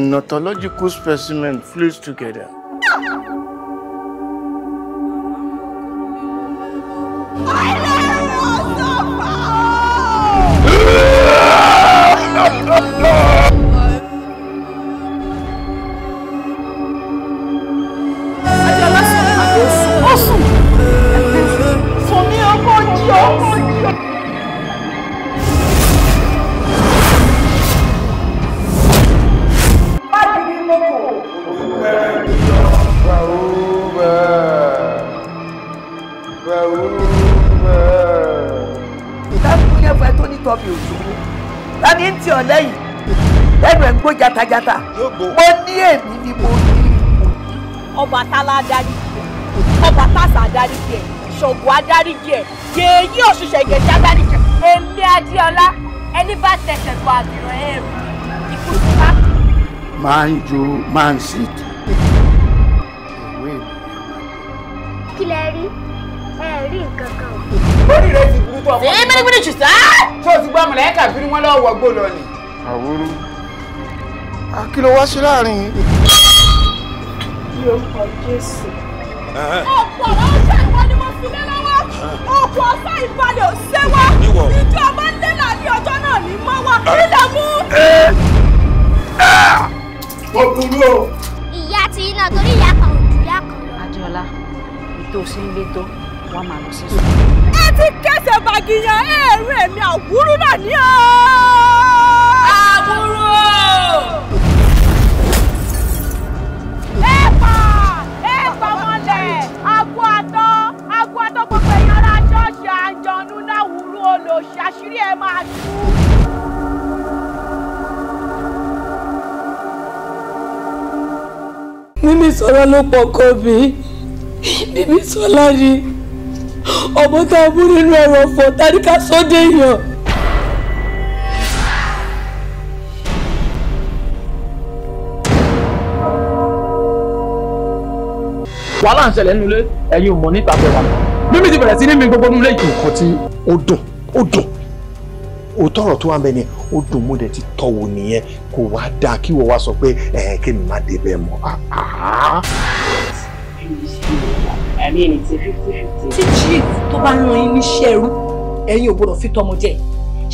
and nautological specimen fused together. Manju, U Man City. kí lẹ rí ẹ rí nǹkan kan. bọ́ọ̀lù rẹ ti burú tó ọkọ. ṣé gbẹ́dẹ́gbẹ́dẹ́ jù sá. tó o ti gbọ́ àmàlà ẹ̀ka bí wọ́n lọ́wọ́ gbó lọ ni. àwòrán akíló wá sí láàrin yìí. yorùbá jésù. ọ̀pọ̀ ọ̀sán ìwọ ni mo fi lé lọ́wọ́ ọ̀pọ̀ ọ̀sán ìbàdàn ṣẹ́wà ìjọ ó burú o. ìyá ti iná torí ìyá kan ò ju ìyá kan lọ. adéọlá ètò òsínlẹ tó wàá máa lọ sí ẹ ti kẹsẹ̀ bàgìyàn ẹ̀ẹ́rù ẹ̀mí àwúrú náà ní ọ́. Bímisọ́lá ló pọkọ mi Bímisọ́lá ni ọmọ tá a mú nínú ọ̀rọ̀ ọ̀fọ̀ táríkà sóde èèyàn. wàhálà ń ṣẹlẹ̀ nínú ilé ẹ̀yin ò mọ̀ níta pẹ̀lú. mímí ti bẹ̀rẹ̀ sí ní mi gbogbo nínú ilé ìkìlọ̀ kan tí ó dùn ó dùn òótọ́ ọ̀rọ̀ tó wà bẹ́ẹ̀ ni ó dùn mú dẹ̀ ti tọ̀wò nìyẹn kò wá dáa kí wọ́n wá sọ pé ẹ̀ kí mi má débẹ̀ mọ́. ẹ̀mí fifty fifty. tí chief tó bá ràn yín níṣẹ́ ẹrú ẹ̀yin ò gbọ́dọ̀ fi tọmọ jẹ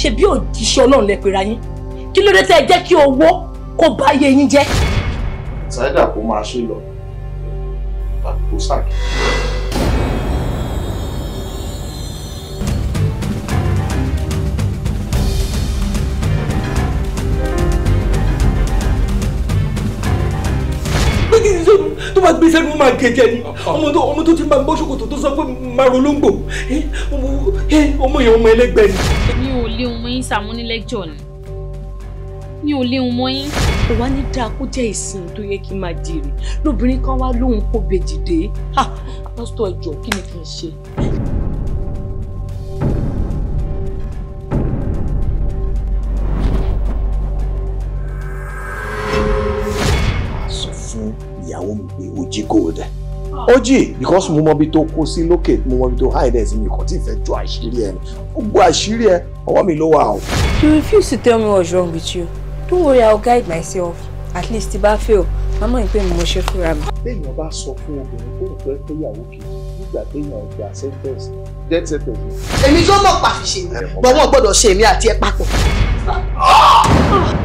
ṣe bí òjíṣẹ́ ọlọ́run lẹ́pẹ̀rẹ̀ yín kí ló dé tẹ́ ẹ jẹ́ kí owó kó bá yé yín jẹ́. sáyidà kó máa ṣe lọ tàbí kó sàkíyèsí. tó bá gbé sẹ́nu máa gé jẹ ni ọmọ tó ọmọ tó ti máa bọ́ ṣòkòtò tó sọ pé máa ro lóńgbò ọmọ yẹn ọmọ ẹlẹ́gbẹ́ ni. mi ò lé ohun yín Sàámú ní lẹ́jọ́ ni mi ò lé ohun mọ́ yín. kò wá ní dáa kó jẹ́ ìsìn tó yẹ kí n máa jèrè lóbìnrin kan wá lóhun kó bèjì dé pásítọ̀ ẹ̀jọ̀ kí ni kí n ṣe. ìyàwó mi pé ó jí ó jì because mo mọbi tó kó sí lókè mo mọbi tó hide ẹ̀ sí mi kò tí ì fẹ́ ju àṣírí ẹ̀ ó gbọ́ àṣírí ẹ̀ ọwọ́ mi ló wà o. you refuse to tell me what's wrong with you don't worry I'll guide myself at least tí bá fail màmá ìpè mi mo ṣe fúnra mi. téèyàn bá sọ fún obìnrin tó ń fẹ́ fẹ́yàwó kejì nígbà téèyàn gba sentence death sentence. èmi yóò mọ̀ pàfìṣe mi bọ́mọ̀ gbọ́dọ̀ ṣe èmi àti ẹ papọ̀. Ah! Ah!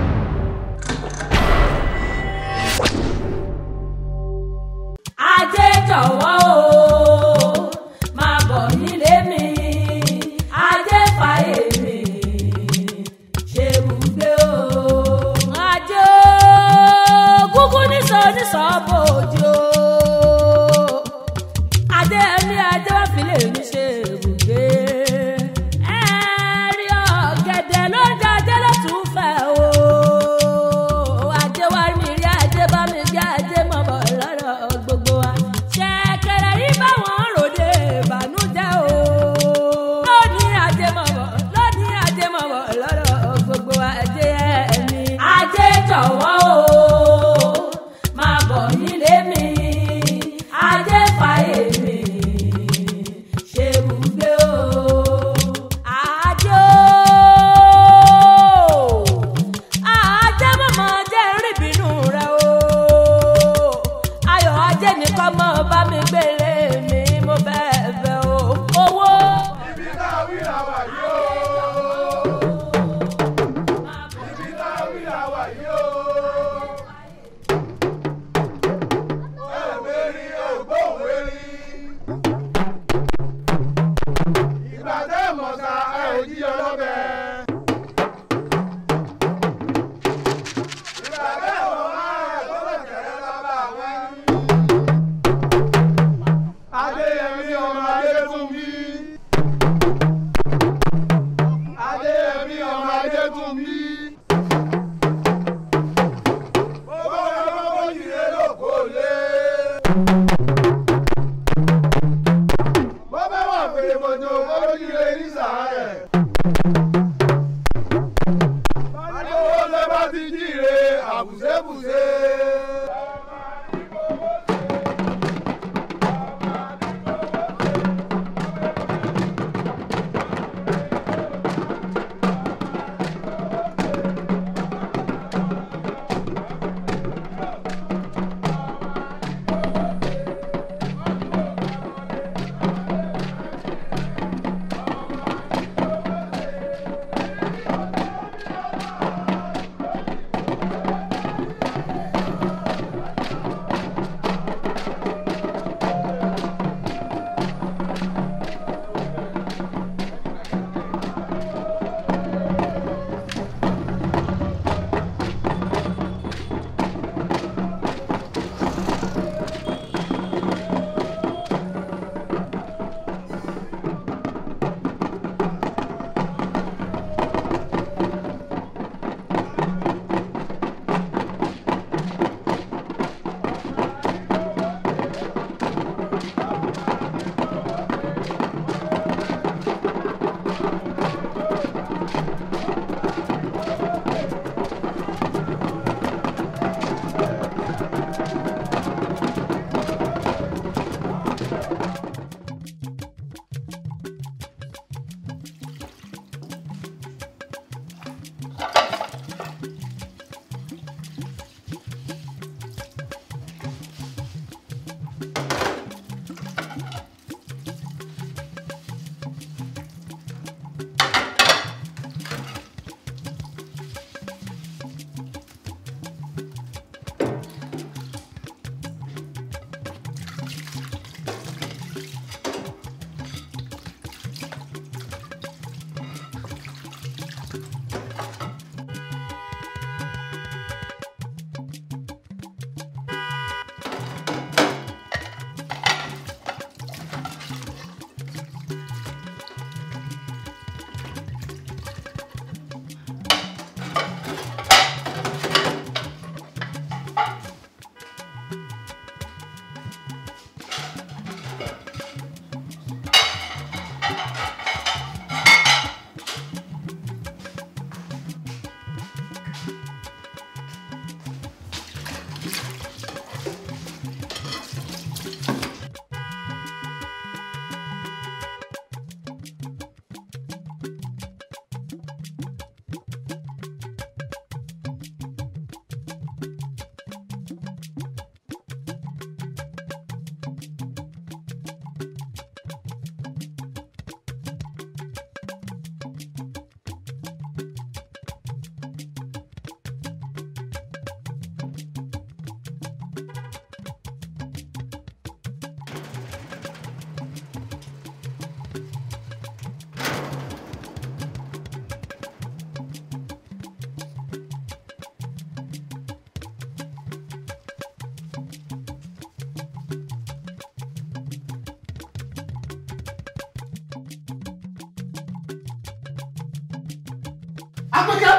Apẹ̀kẹ́.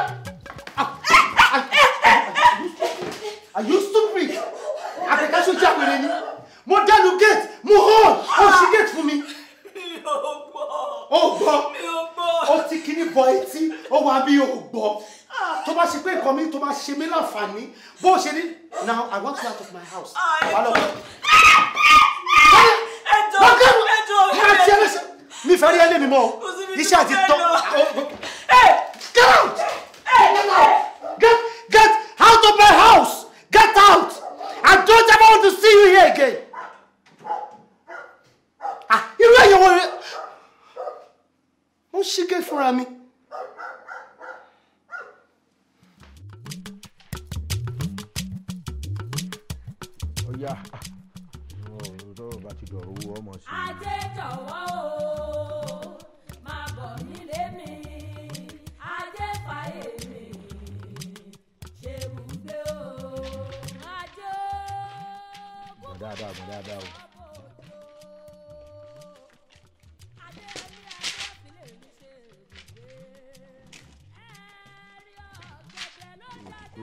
Are you stupid? Apẹ̀kẹ́ ṣojú àpèrè ni. Mo dẹnu gate, mo hall, mo ṣí gate fún mi. Mi ò gbọ́. O gbọ́. Mi ò gbọ́. O ti kíní bọ etí, o wà bí o gbọ́. Tó bá ṣe pé nǹkan mi tó bá ṣe mí Now I want you out of my house. Ah, wà lọ. Ẹjọ́ ẹjọ́ ẹjọ́. Mi fẹ́ rí ẹlẹ́mi mọ́ o. Iṣẹ́ àti tọ́. again ah irú ẹ̀yẹ̀wò rẹ̀ mo ń ṣígé fúnra mi. Ah. ọ̀yà ọ̀rọ̀ bá ti dọ̀rọ̀ owó ọmọ sí i. ajé tọ̀wọ́ o. dáadáa o. òkú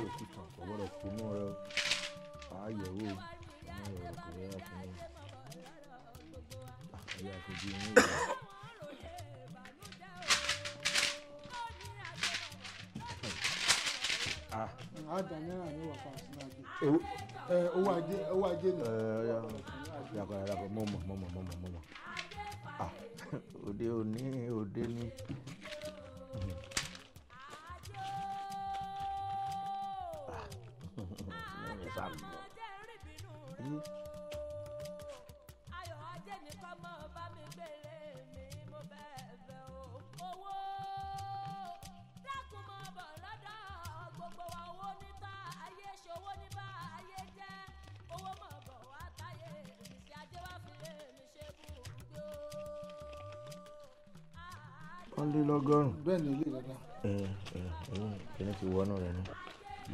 òkú tán kò gbọ́dọ̀ kú mọ́ rẹ ààyèwò ọmọ rẹ kò gbọ́dọ̀ kú mọ́ àyà àkójú inú oh, oh, náírà ní oh, sínú àjò owó ajé ni. Eh, dàkọ dàkọ mo mọ̀ mo mọ̀ mo ah òde òní òde ní ó lé lọ́gọ́rùn. bẹ́ẹ̀ ni ilé rẹ ẹ ẹ ẹyìn kìnìún ti wọnú rẹ nù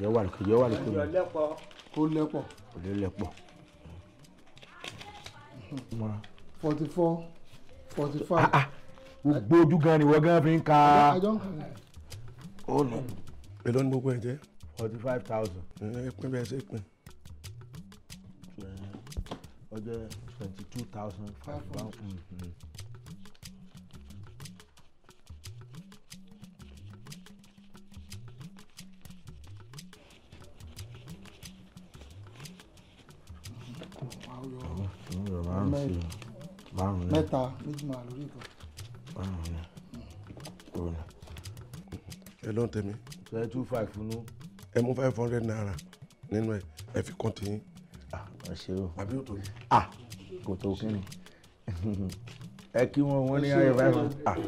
yọ wà lókè yọ wà lókè mi. ó lẹ́pọ̀. ó lé lẹ́pọ̀. forty four forty five. Ah, ah, gbogbo ojú gan ni wọ́n gan fi ń ka. ó nù. èló gbogbo ẹ̀ jẹ́. forty five thousand. ẹ pín bẹ́ẹ̀ ṣe pín ọjọ́ twenty two thousand five hundred. Mm-hmm. mẹ́rin márùn-ún mẹ́ta méjì máa lórí ìkan. márùn-ún náà kúrò náà. ẹ ló ń tẹ̀mí. ṣe é two five nú. ẹ mú five hundred naira nínú ẹ ẹ fi kàn tiyín. ẹ ṣe o àbí òtò ni. kò tó kí ni ẹ kí wọn wọn ní ayọ̀ báyìí.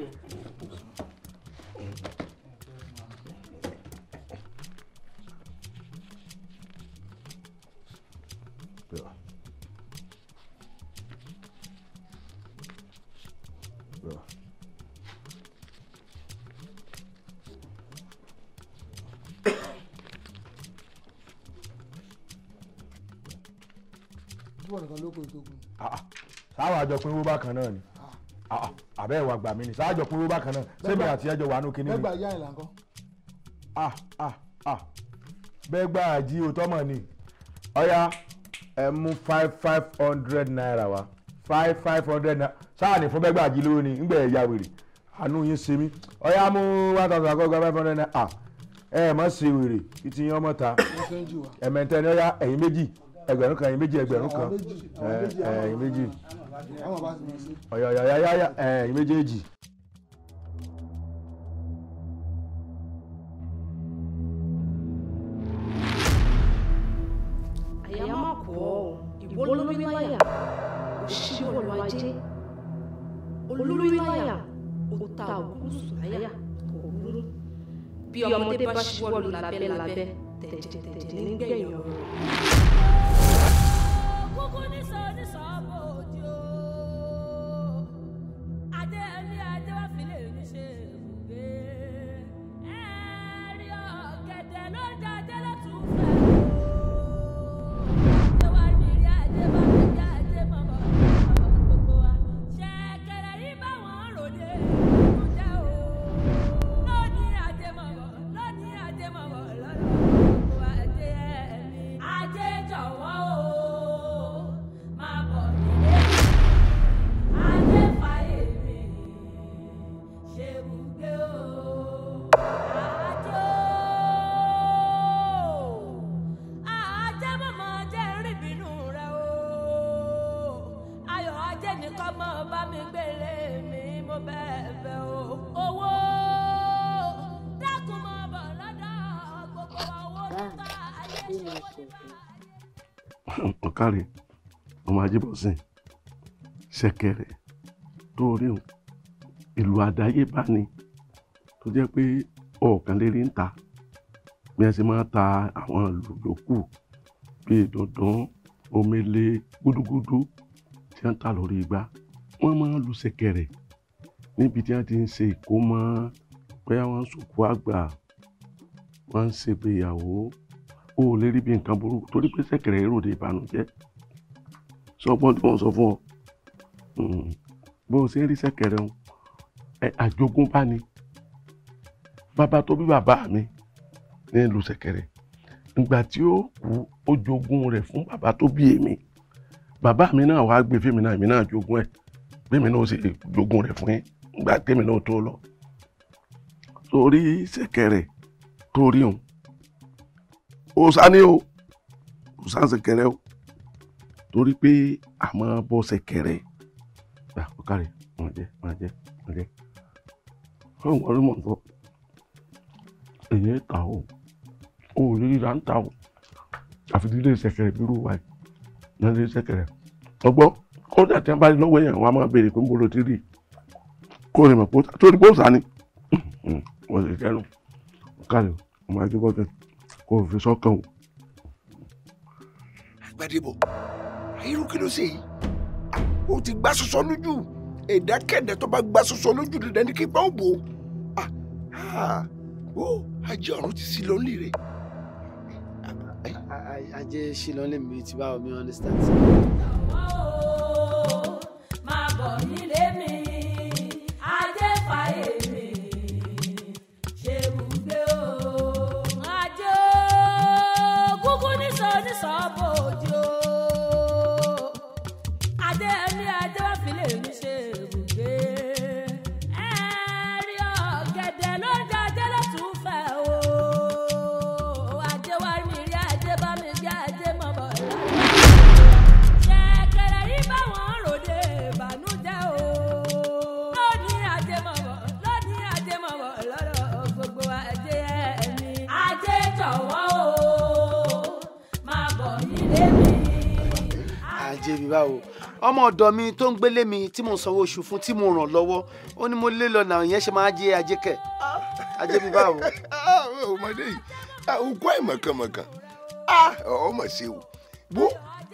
a a bákan náà ni àbẹ́ ah, ah, ìwà gbà mí ni sáájọ pín bákan náà sẹ́mi àti ẹjọ́ wà nù kínní. bẹ́ẹ̀ gbà yá ìlànà kan. bẹ́ẹ̀ gbà àjí òótọ́ mọ̀ ni ọ̀ya ẹ mú five five naira wa five five hundred naira sáà ní fún bẹ́ẹ̀ gbà àjí lówó ni ńgbẹ̀ ẹ̀yà wèrè àánú yín naira ah, mọ̀ ṣe wèrè ọmọ ta ọ̀ya méjì kan kan ọ̀yọ̀yọ̀yọ̀yọ̀ ẹ̀ méjèèjì. àyàmọ̀kọ́ ìwọ́lóríláyà òṣìṣẹ́wọ̀lù ajé olóríláyà òta ògúnṣù láyà òwúrú bí ọmọdé bá ṣíwọ́lù lábẹ́ lábẹ́ tẹ̀jẹ̀tẹ̀jẹ̀ nígbẹ̀yìn ọ̀rọ̀. ọ̀kàrẹ̀ ọmọ ajíbọ̀sìn ṣẹ̀kẹ̀rẹ̀ tó rí hùn ìlú àdáyébá ni tó jẹ́ pé ọ̀ọ̀kan lè rí ń ta bí wọ́n ṣe máa ta àwọn ìlú yòókù bíi dandan omele gúdúgúdú tí wọ́n ń ta lórí igbá wọ́n máa ń lu ṣẹ̀kẹ̀rẹ̀ níbi tí wọ́n ti ń ṣe ìkómọ bóyá wọ́n ń sòkú àgbà wọ́n ń ṣègbéyàwó o ò lè rí bí nǹkan burúkú torí pé sẹ́kẹ̀rẹ̀ ròde ìbànújẹ́ sọgbọ́n tí wọ́n sọ fún ọ hmm, bó o ṣe ń rí sẹ́kẹ̀rẹ̀ ń ẹ àjogúnbá ni bàbá tó bí bàbá mi ní ìlú sẹ́kẹ̀rẹ̀ ìgbà tí ó kú ó jogún rẹ̀ fún bàbá tó bí èmi bàbá mi náà wàá gbé fèmí náà èmi náà jogún ẹ̀ bẹ́ẹ̀mi náà ó sì jogún rẹ̀ fún yín ìgbà tẹ́mi náà tó lọ. torí sẹ́kẹ̀rẹ̀ torí òun òòṣà ni o òòṣà ń ṣẹ̀kẹ̀rẹ̀ o torí pé àmọ́ bọ́ ṣẹ̀kẹ̀rẹ̀ gbà ó kárẹ̀ máa jẹ máa jẹ máa jẹ fún ìwọ ló mọ̀ tó èyí ń ta o o ò lè ríra ń ta o àfi lílé ṣẹ̀kẹ̀rẹ̀ bí irú wa yìí náà lè ṣẹ̀kẹ̀rẹ̀ ọgbọ́n kódà tí wọ́n bá lọ́wọ́ yẹn wọ́n á máa béèrè pé ń bolo ti rí kó o lè mọ̀ pé ó sá wọ́n sì kẹ́rù kálí ọmọ ẹgbẹ́ bọ́ọ̀gẹ́tì kó o fi sọ́kàn o. Gbadebo irú kí ló ṣe yìí o ti gbá sọsọ lójú ẹ̀dákẹ́dẹ́ tó bá gbá sọsọ lójú dandan ní kíkọ́ òbò o ajé ọ̀run ti sí lọ́nlì rẹ̀. ajé sí mi ti bá omi understand. máa bọ̀ nílé. só vou ajé mi báwo ọmọ ọ̀dọ̀ mi tó ń gbélé mi tí mo sanwó oṣù fún tí mo ràn lọ́wọ́ ó ní mo lé lọnà ìyẹn ṣe máa jẹ ajé kẹ ajé mi báwo. Ah, ah, ọmọdé yìí òkú ah, àìmọ̀kànmọ̀kàn ọmọ ṣe o wo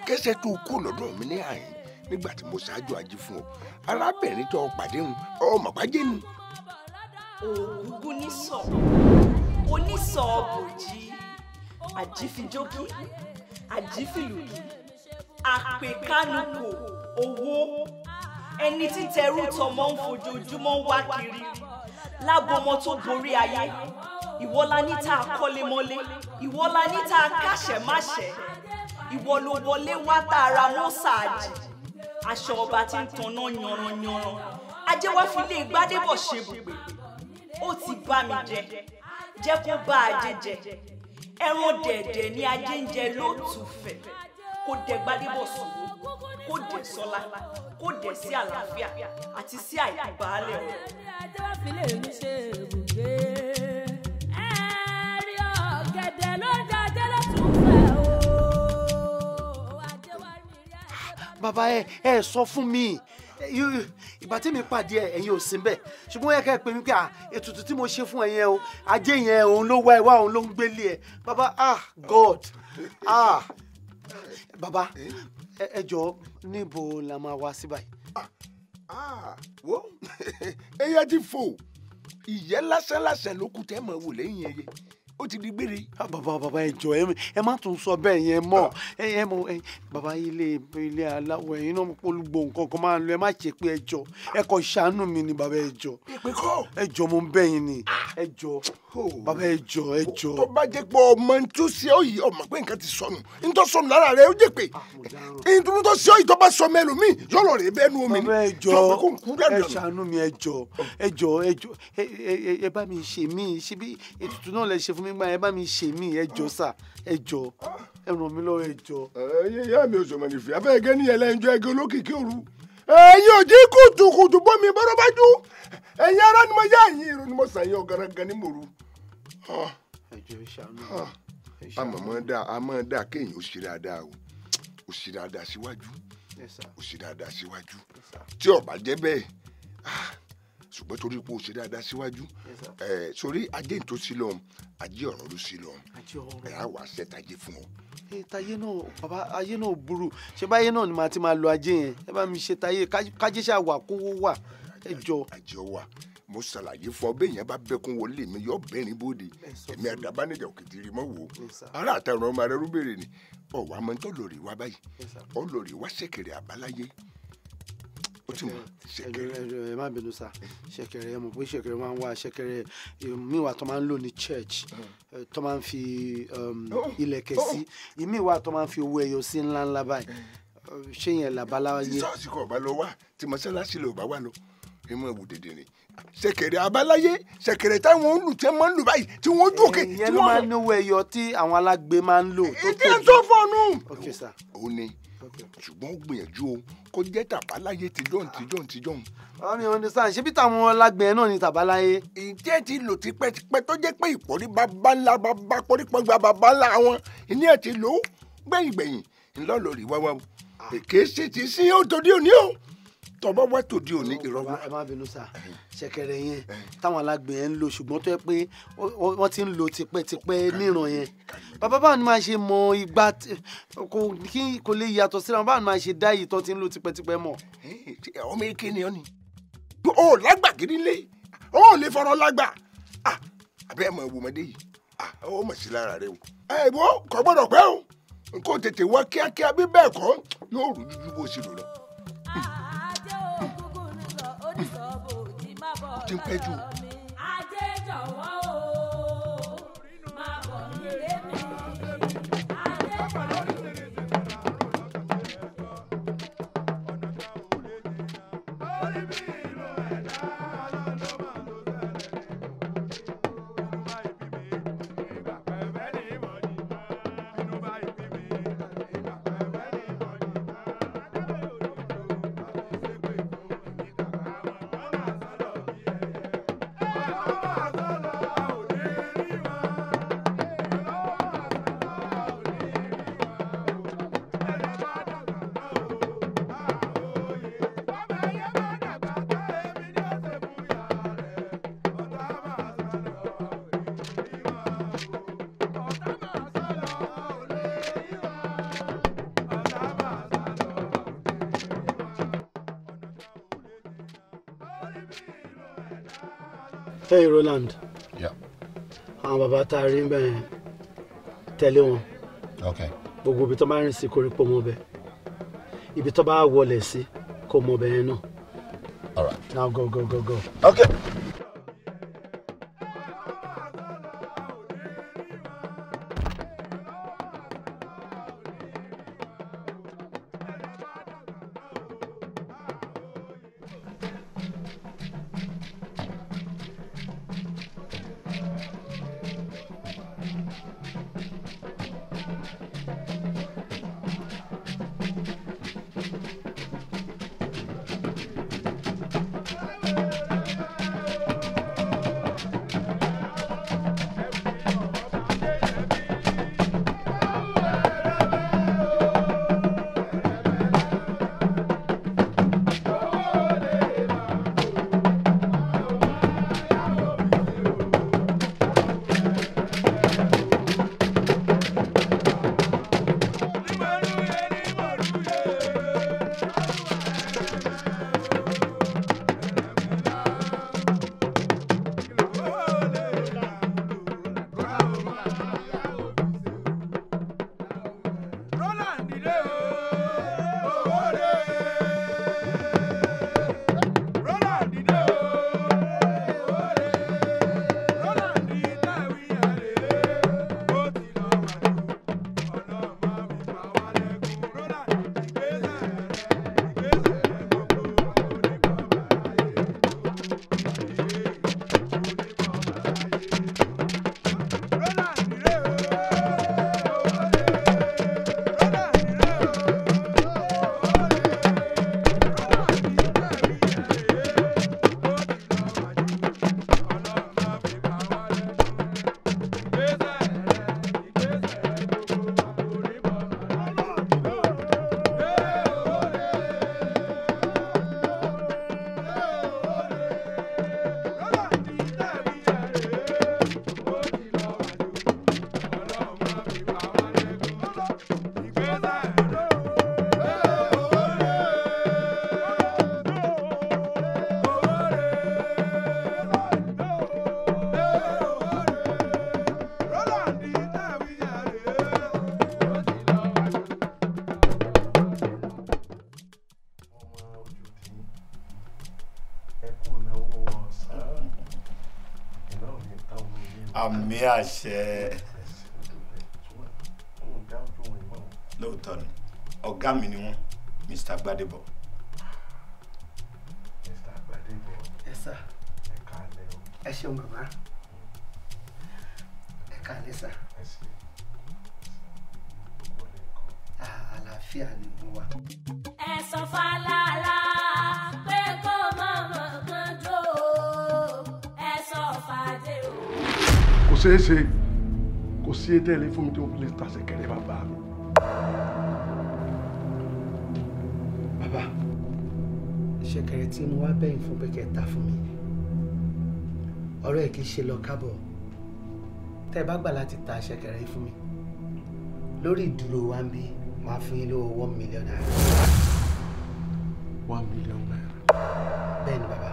kẹsẹ̀ tó kú lọ́dọ̀ mi ní àyìn nígbà tí mo ṣáájú ajé fún ọ arábìnrin tó pàdé ń ọmọ pàjé nu. òògùn ní sọ onísọ̀ọ̀bù jí àjífijókì àjífìlùkì àpèkánukò owó ẹni tí tẹrú tọmọ ń fojoojúmọ́ wá kiri lábọmọ tó borí ayé ìwọ la ní tá a kọ́lé mọ́lé ìwọ la ní tá a káṣẹ́ máṣẹ́ ìwọ ló wọlé wá tá a ra mọ́sáàjì aṣọ ọba tí ń tanná yanranyanran ajé wá fi lè gbádébọ̀ ṣe bùgbé ó ti bá mi jẹ jẹ́ kó bá a jẹ jẹ ẹran dẹ̀dẹ̀ ni ajé ń jẹ lótùfẹ̀ kó dẹ Gbádébọ̀ sùn kó dẹ Sọlá kó dẹ sí àlàáfíà àti sí àìbálẹ̀ rẹ̀. ẹ ẹ sọ fún mi ìgbà tí mi pàdé ẹ ẹ̀yin ò sí bẹ́ẹ̀ ṣùgbọ́n yẹ ká ẹ pè mí pé ètùtù tí mo ṣe fún ẹ o ajé yẹn òun ló wá ẹ wá òun ló ń gbélé ẹ baba ah god ah baba eh? ẹ jọ̀ọ́ níbo la máa wá sí báyìí. Ah, ah, wo eyín ti fò ìyẹn lásán lásán ló kù tẹ́ mọ̀ wò lẹ́yìn ẹyẹ ó ti di gbére. Ah, bàbá bàbá ẹ jọ ẹ má tún sọ bẹ́ẹ̀ yẹn mọ́ ẹ mọ bàbá ilé ilé aláwọ̀ ẹ̀yin náà polúgbò nǹkan kan máa ń lọ ẹ má ṣe pé ẹ jọ ẹ kọ ṣàánú mi ni bàbá ẹ jọ ẹ jọ mo ń bẹ̀ yín ni ẹ jọ bàbá ẹ jọ ẹ jọ. tó bá jẹ́ pé ọmọ tó ṣe ọ yìí ọmọ pé nǹkan ti sọnù n tó sọnù lára rẹ ó jẹ pé ah, n tó ṣe ọ yìí tó bá sọmọ ẹlòmíì yọ̀rọ̀ rẹ bẹ́ẹ̀ nu omi ni tó kó nkú dànù. ẹ ṣàánú mi ẹ jọ ẹ ẹ bá mi ṣe mí ṣe bí ètùtù náà lẹ ṣe fún mi ẹ bá mi ṣe mí ẹ jọ sà ẹ jọ ẹ ràn mí lọ́wọ́ ẹ jọ. ẹyẹ ìyá mi ò sọmọ nìfẹ́ afẹ́gẹ́ ní ẹ̀lẹ́ ń jọ ẹgẹ olókìkí òru ẹ̀yin òjì kùtùkùtù bọ́mi bọ́rọ̀ bá jú ẹ̀yin ará ni mo yá ẹ̀yin irun ni mo sàn yín ọ̀gánagán ní mòru. àmọ́ mọ́ dá a mọ́ dá kéèyàn ó ṣe dáadáa o ó ṣe dáadáa síwájú ó ṣe dáadáa síwájú tí ó bá jẹ́ bẹ́ẹ̀ ah, ṣùgbọ́n torí pé o ṣe dáadáa síwájú ẹ sórí ajé tó sí lọ ajé ọ̀rọ̀ ló sí lọ ẹ á wàá ṣẹ́ tajé fún ọ. ẹ tayé náà bàbá ayé náà burú ṣé báyé náà ni màá ti máa lo ajé yẹn ẹ bá mi ṣe tayé kájé ṣáà wà kówó wà ẹ jọ. ajé wà mo ṣàlàyé fún ọ bẹ́ẹ̀ yẹn bá bẹ́kún wọlé mi yọ bẹ́rin bóde èmi àdàbánidà òkìtìrì mọ́ wò ara àtàrà ọmọ rẹ rúbèrè ni ọ̀wà mọ́tò lórí wa ó ti mọ ṣẹ̀kẹ̀rẹ̀. ẹ má bínú sá ṣẹ̀kẹ̀rẹ̀ ẹ mọ̀ pé ṣẹ̀kẹ̀rẹ̀ máa ń wá ṣẹ̀kẹ̀rẹ̀ ìmíwà tó máa ń lò ní church mm. tó máa ń fi um, oh, oh. ilẹ̀kẹ̀ sí ìmíwà tó máa ń fi owó ẹyọ sí ńláńlá báyìí ṣé yẹn làbáláwá yé. sọ́ọ̀sì kò bá lọ wá tí mọ́ṣáláṣí lè bá wà lọ ìmọ̀ ìwù dèdè ni ṣẹ̀kẹ̀rẹ̀ abáláyé ṣẹ̀kẹ̀rẹ̀ táwọn olùtẹ máa ń lò báyìí tí wọn ojú òkè. ìyẹn ló máa ń ní owó ẹyọ tí àwọn alágbe máa ń lò. ètò ìtọ́fọ́nù. ok sir. ó ní ṣùgbọ́n ó gbìyànjú o kó jẹ́ tàbáláyé tìjọ́n tìjọ́n tìjọ́n. ọ̀rìn ah, ọ̀nìsàn ṣé bí táwọn lágbẹ̀ẹ́ náà ni tàbáláyé. ìjẹ́ ti lò ti pẹ́tipẹ́ tó jẹ́ pé ìpọ́nrí bàbá ńlá bàbá pọ́nrípọ́ngbà bàbá ńlá àwọn ìní ẹ̀ ti lò ó gbẹ̀yìngbẹ̀yìn ńlọ́ọ̀lọ́ rí wáwá o ah. èké sì ti sí ó torí òní o tọ́bọ̀ wẹ́ tòde òní ìrọ̀rùn. ẹ má bínú sá ṣẹ̀kẹ̀rẹ̀ yẹn táwọn alágbẹ̀ yẹn ń lo ṣùgbọ́n tó yẹ pé wọ́n ti ń lo tipẹ́tipẹ́ níran yẹn bàbá báwo ni máa ṣe mọ ìgbà kò lè yàtọ̀ síra báwo ni máa ṣe dá ìyí tó ti ń lo tipẹ́tipẹ́ mọ̀. Eh, ọmọ eke ni ọ ni o lágbà gidi lé o ò lè lágbà àbẹ́ ẹ̀ mọ̀ yìí ó mọ̀ sí lára rẹ o ẹ̀ ìwọ kò gbọ́dọ̀ pẹ́ o nǹkan tètè wá kíákíá bí bẹ́ẹ̀ kọ́ yóò rú bó ṣe lò lọ. ti ń pẹ́ jù. ajé jọ̀wọ́ fẹ́ Roland àwọn bàbá tá a rí ń bẹ̀rẹ̀ tẹ̀lé wọn gbogbo ibi tó bá rìn sí koríko mọ́ bẹ́ẹ̀ ibi tó bá wọlé sí kò mọ́ bẹ́ẹ̀ náà. All right. Now go, go, go, go. Okay. tẹ̀lé fún mi tí mo fi lè tàṣẹ kẹrẹ bàbá mi. bàbá ṣẹ̀kẹ̀rẹ̀ tí mo wá bẹ̀yìn fún pé kẹ́ ta fún mi ọ̀rọ̀ ẹ̀ kìí ṣe lọ kábọ̀ tẹ́ ẹ bá gbà láti ta ṣẹ̀kẹ̀rẹ̀ yìí fún mi lórí ìdúró wa ń bí máa fún yín lówó one million naira. one million naira. bẹ́ẹ̀ bàbá.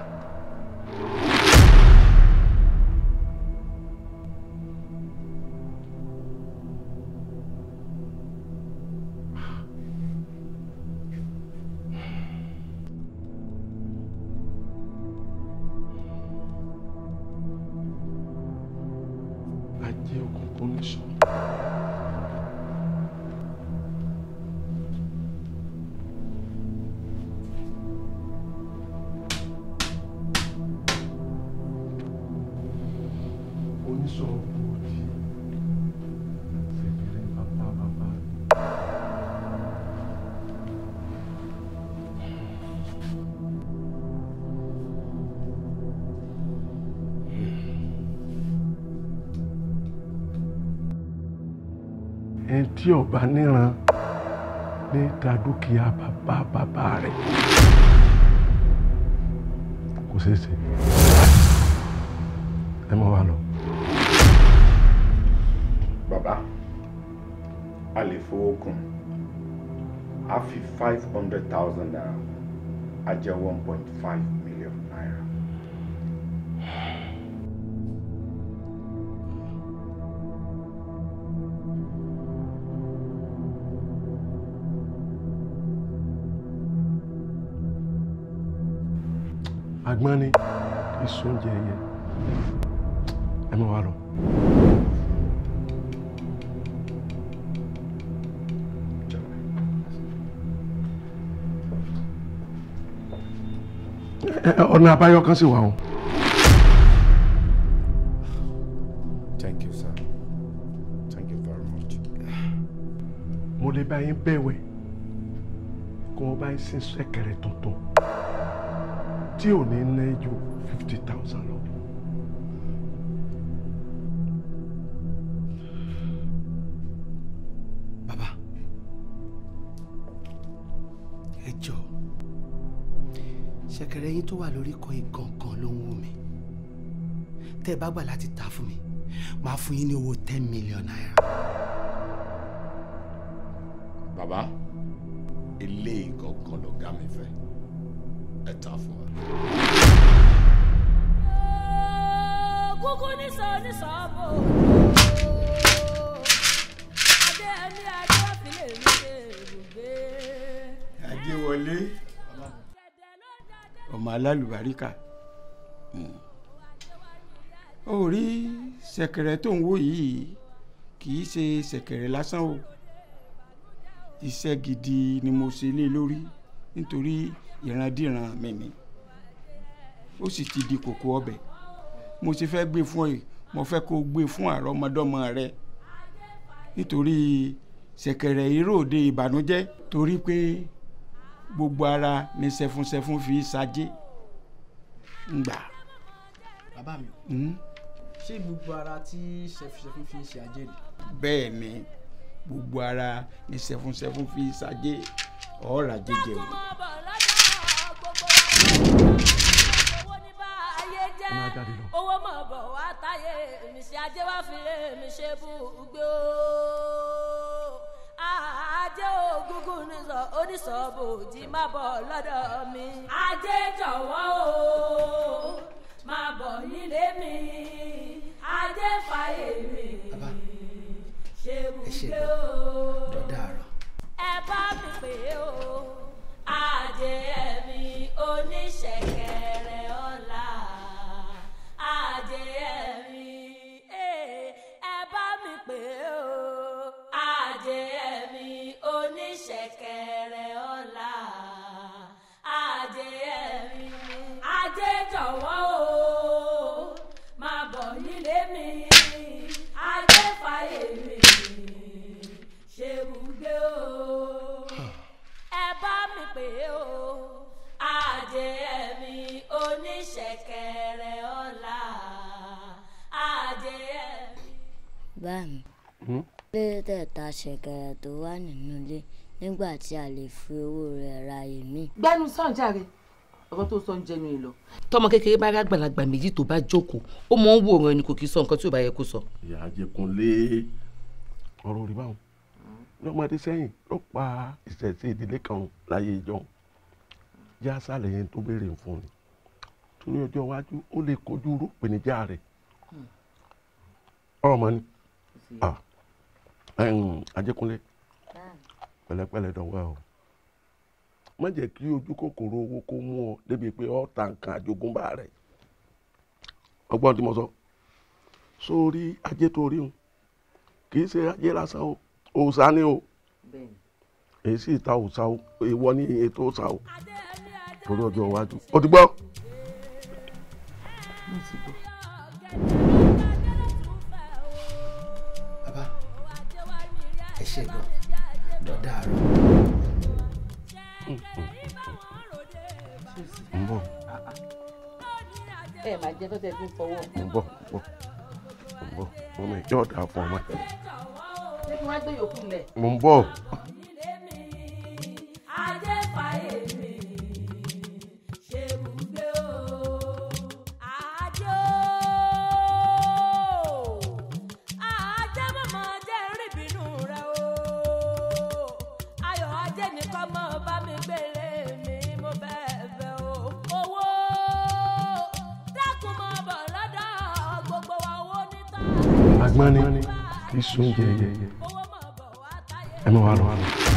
tí ọba níran ní ta dúkìá bàbá bàbá rẹ̀ kò ṣeé ṣe ẹ mọ wa lọ. bàbá a lè fowó kún a fi five hundred thousand naira a jẹ one point five àgbọn ni ìsúnjẹ ẹyẹ ẹ mọ wa lọ. ọ̀nà àbáyọ kan sì wà o. thank you sir thank you very much. mo lè bá yín bẹ̀wẹ̀ kó o bá yín sin sẹ́kẹ̀rẹ̀ tuntun tí ò ní ná ju fifty thousand lọ. bàbá ẹ jọ ṣẹ̀kẹ̀rẹ̀ yín tó wà lórí kan ìgangan ló ń wù mí tẹ́ ẹ bá gbà láti ta fún mi máa fún yín ní owó ten million naira. bàbá eléyìí gangan lọ̀gá mi fẹ́ a tough one. Adéwọlé ọmọ alálùbáríkà hmm. ó rí ṣẹ̀kẹ̀rẹ̀ tó ń wò yìí kì í ṣe ṣẹ̀kẹ̀rẹ̀ lásán o iṣẹ́ gidi ni mo ṣe lé lórí nítorí ìrandíran mi ni ó sì ti di kòkó ọbẹ̀ mo ti fẹ́ gbé fún ẹ mo fẹ́ kó gbé fún àrọ́mọdọ́mọ rẹ nítorí ṣẹ̀kẹ̀rẹ̀ ìròde ìbànújẹ́ torí pé gbogbo ara ni sẹfúnsẹfún fi ṣajé ngbà. bàbá mi hmm? ṣé gbogbo ara tí sẹfúnsẹfún fi ṣe ajé rè. bẹ́ẹ̀ ni gbogbo ara ni sẹfúnsẹfún fi ṣajé ọ̀ọ́ra jẹjẹrẹ owó mọ̀ bọ̀ wá táyé mi ṣe ajé wá fi lé mi o ajé ògúngún nìsọ oníṣọ́bù jí má bọ̀ lọ́dọ̀ mi. ajé jọ̀wọ́ o máa bọ̀ nílé mi ajé fàyè mi ṣe bùgbé o ẹ bá mi pè o ajé ẹ mi oníṣẹ̀kẹ̀rẹ̀. bá mi hmm? pé tẹ̀ta ṣẹ̀kẹ̀rẹ̀ tó wà nínú ilé nígbà tí a lè fi owó rẹ̀ ra èmi. gbẹ́nu sàn jàre ọkọ tó sọ ń jẹnu ìlọ. tọmọ kékeré bá rà gbàlagbà méjì tó bá jókòó ó mọ ń wòran ni kò kì í sọ nǹkan tí ò bá yẹ kó sọ. ìyá àjẹkùnlé ọ̀rọ̀ rí báwọn lọ́mọdé sẹ́yìn ló pa ìṣẹ̀sí ìdílé kan láyé ìjọ yá sálẹ̀ yẹn tó béèrè fún ni torí ọjọ́ iwájú ó lè kojú irú ìpèníjà rẹ̀ hmm. ọmọ ni ah ajẹkúnlé pẹ̀lẹ́pẹ̀lẹ́ dọwọ ẹ o má jẹ́ kí ojú kòkòrò owó kó mú ọ débi pé ọ ta nǹkan àjogúnbá rẹ ọgbọ́n tí mo sọ sórí ajé tó rí un kì í ṣe ajé lásán o òòṣà ni o èyí sì ta òòṣà o ìwọ ni ètò òòṣà o torí ọjọ́ iwájú o ti gbọ́. mo ti gbọ́. ṣe gan dọ̀dá rẹ. ń bọ̀. ẹ máa jẹ tó tẹ fi ń fọwọ́. ń bọ̀ ń bọ̀ ń bọ̀ ọmọ ìjọ ọ̀dà fún ọmọ. ṣé kí wọ́n gbé yòókù lẹ̀. mo ń bọ̀. gbọ́n ni kì í yeah. jẹ́jẹ́ ẹ má wà lọ́wọ́.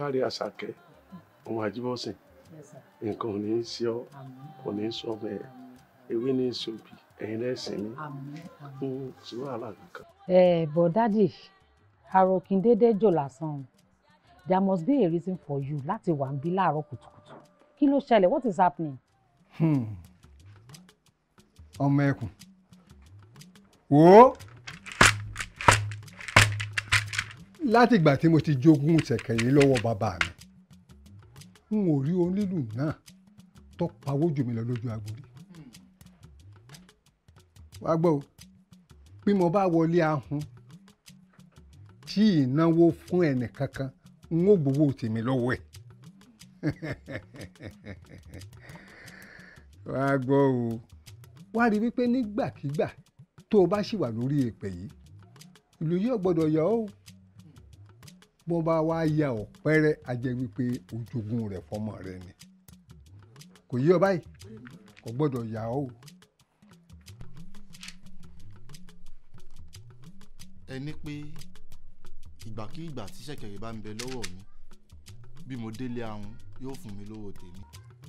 kárí àṣàkẹ́ ọmọ àjíbọ̀sìn nǹkan ò ní í ṣe ọ́ kò ní í sọ ọmọ ẹ̀ ewé ní í ṣòbí ẹ̀yin lẹ́sìn ní fún sí wàhálà ẹ bọ dádì àrò déédéé jò lásán there must be a reason for you láti wà ń bí láàárọ̀ kùtùkùtù kí ló ṣẹlẹ̀ what is happening. Hmm. ọmọ ẹkùn wo. láti ìgbà tí mo ti jogún ṣẹ̀kẹ̀ yìí lọ́wọ́ bàbá mi n ò rí onílù náà tó pawó jù mí lọ lójú agboolé wá gbọ́ bí mo bá wọlé ahun tí ìnáwó fún ẹnì kankan n ó gbowó tèmi lọ́wọ́ ẹ̀ wá gbọ́ o wá rí wípé nígbàkigbà tó o bá ṣì wà lórí èpè yìí ìlú yóò gbọ́dọ̀ yọ ọ́ bó bá wá ya ọ̀pẹ́rẹ́ a jẹ́ wípé ojogún rẹ̀ fọmọ rẹ̀ ni kò yí ọ báyìí kò gbọ́dọ̀ yà ọ́ o. ẹ ní pé ìgbàkigbà tí ṣẹ̀kẹ̀rẹ̀ bá ń bẹ lọ́wọ́ mi bí mo délé ahun yóò fún mi lówó tèmi.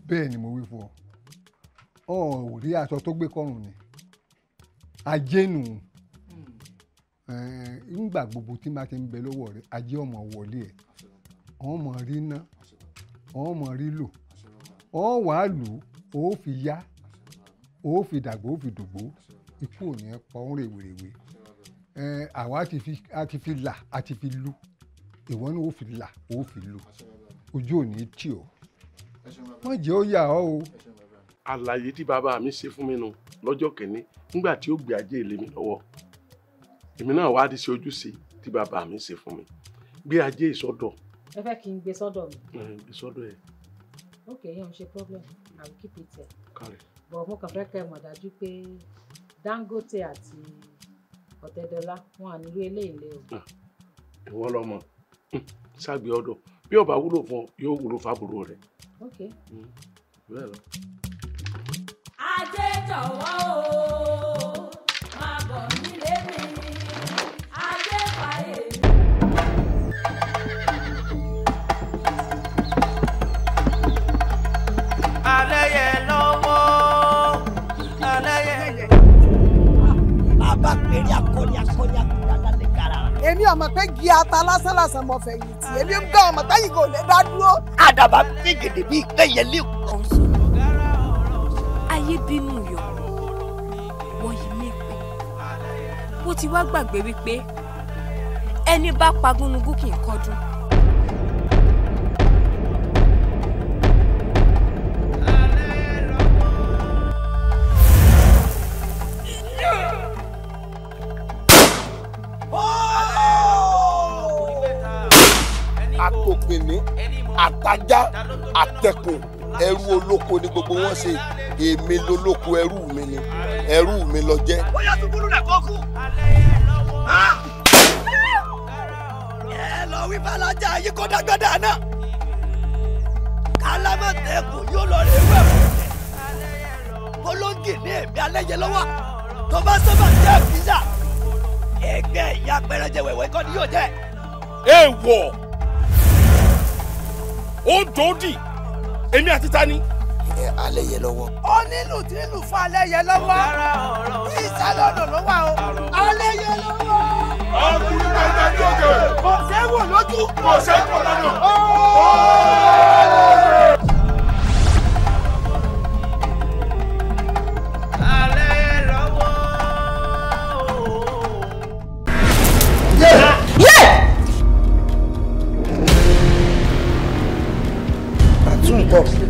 bẹ́ẹ̀ ni mo wí fún ọ ọ rí aṣọ tó gbé kọ́rùn ni ajé nù ńgbà gbogbo tí máa ti ń bẹ lọ́wọ́ rẹ ajé ọmọ wọlé ẹ̀ wọ́n mọ̀ rí ná wọ́n mọ̀ rí lò wọ́n wàá lò ó fi yá ó fi dàgbò ó fi dògbò ikú ò ní ẹ pa ọ́n rèwerèwe àwa àti fi là àti fi lu ìwọ ni ó fi là ó fi lu ojú ò ní tì ọ́ wọ́n jẹ́ ó yà ọ́ o. àlàyé tí bàbá mi ṣe fún mi nù lọ́jọ́ kẹ́ni nígbà tí ó gbé ajé ilé mi lọ́wọ́ èmi náà wá di ṣe ojúṣe tí bàbá mi ṣe fún mi gbé ajé ìsọdọ̀. ẹ fẹ́ kí n gbé sọ́dọ̀ mi. gbé sọ́dọ̀ ẹ. ok yẹn ò ṣe problem i will keep it there. kárẹ̀. bọ̀ mo kàn fẹ́ kẹ́ ẹ mọ̀ dájú pé Dangote àti Ọ̀tẹ̀dọ́lá wọn à nílò eléyìí lé o. ìwọ lọmọ ṣàgbé ọ̀dọ̀ bí ó bá wúlò fún ọ yóò wúlò fábùrò rẹ. ok. bẹ́ẹ̀ lọ. ajé jọ̀wọ́ o máa bọ̀ nílé. abẹ́rẹ́ akọni akọni akọni èmi ọmọ pé gi ata lásán lásán mọ fẹ̀yìn tì èmi ń gbọ́ ọmọ táyì kò lè dá dúró. àdàbà bí gèdè bíi kẹyẹ lé. ayé bínú yọ wọ́n yìí mí pé wọ́n ti wá gbàgbé wípé ẹni bá pagúnugún kì í àgbéní àtajá àtẹkùn ẹrú olóko ni gbogbo wọn ṣe èmi lolóko ẹrú mi ni ẹrú mi ló jẹ́. bóyá tùbúrú rẹ̀ kó kú. Ah! Ah! ẹ lọ wí balaja yìí kó dágbádá náà kálámọ̀tẹ́kùn yóò lọ rí ewé ẹ̀kọ́ olóńgè ní èmi alẹ́yẹ lọ́wọ́ tó bá sábà jẹ́ pizza ẹgbẹ́ ìyá pẹrẹjẹ wẹ̀wẹ̀ kọ́ ni yóò jẹ́. èèwọ̀ ó dòódì èmi àti tani. ẹ alẹ́ yẹ lọ́wọ́. ó nílùú tí ìlú fún alẹ́ yẹ lọ́wọ́ tí ìsàlẹ̀ ọ̀nà ló wà o. alẹ́ yẹ lọ́wọ́. ọkùnrin náà dájú òkè. kò sẹ́wọ̀n lójú. kò sẹ́wọ̀n lọ́nà.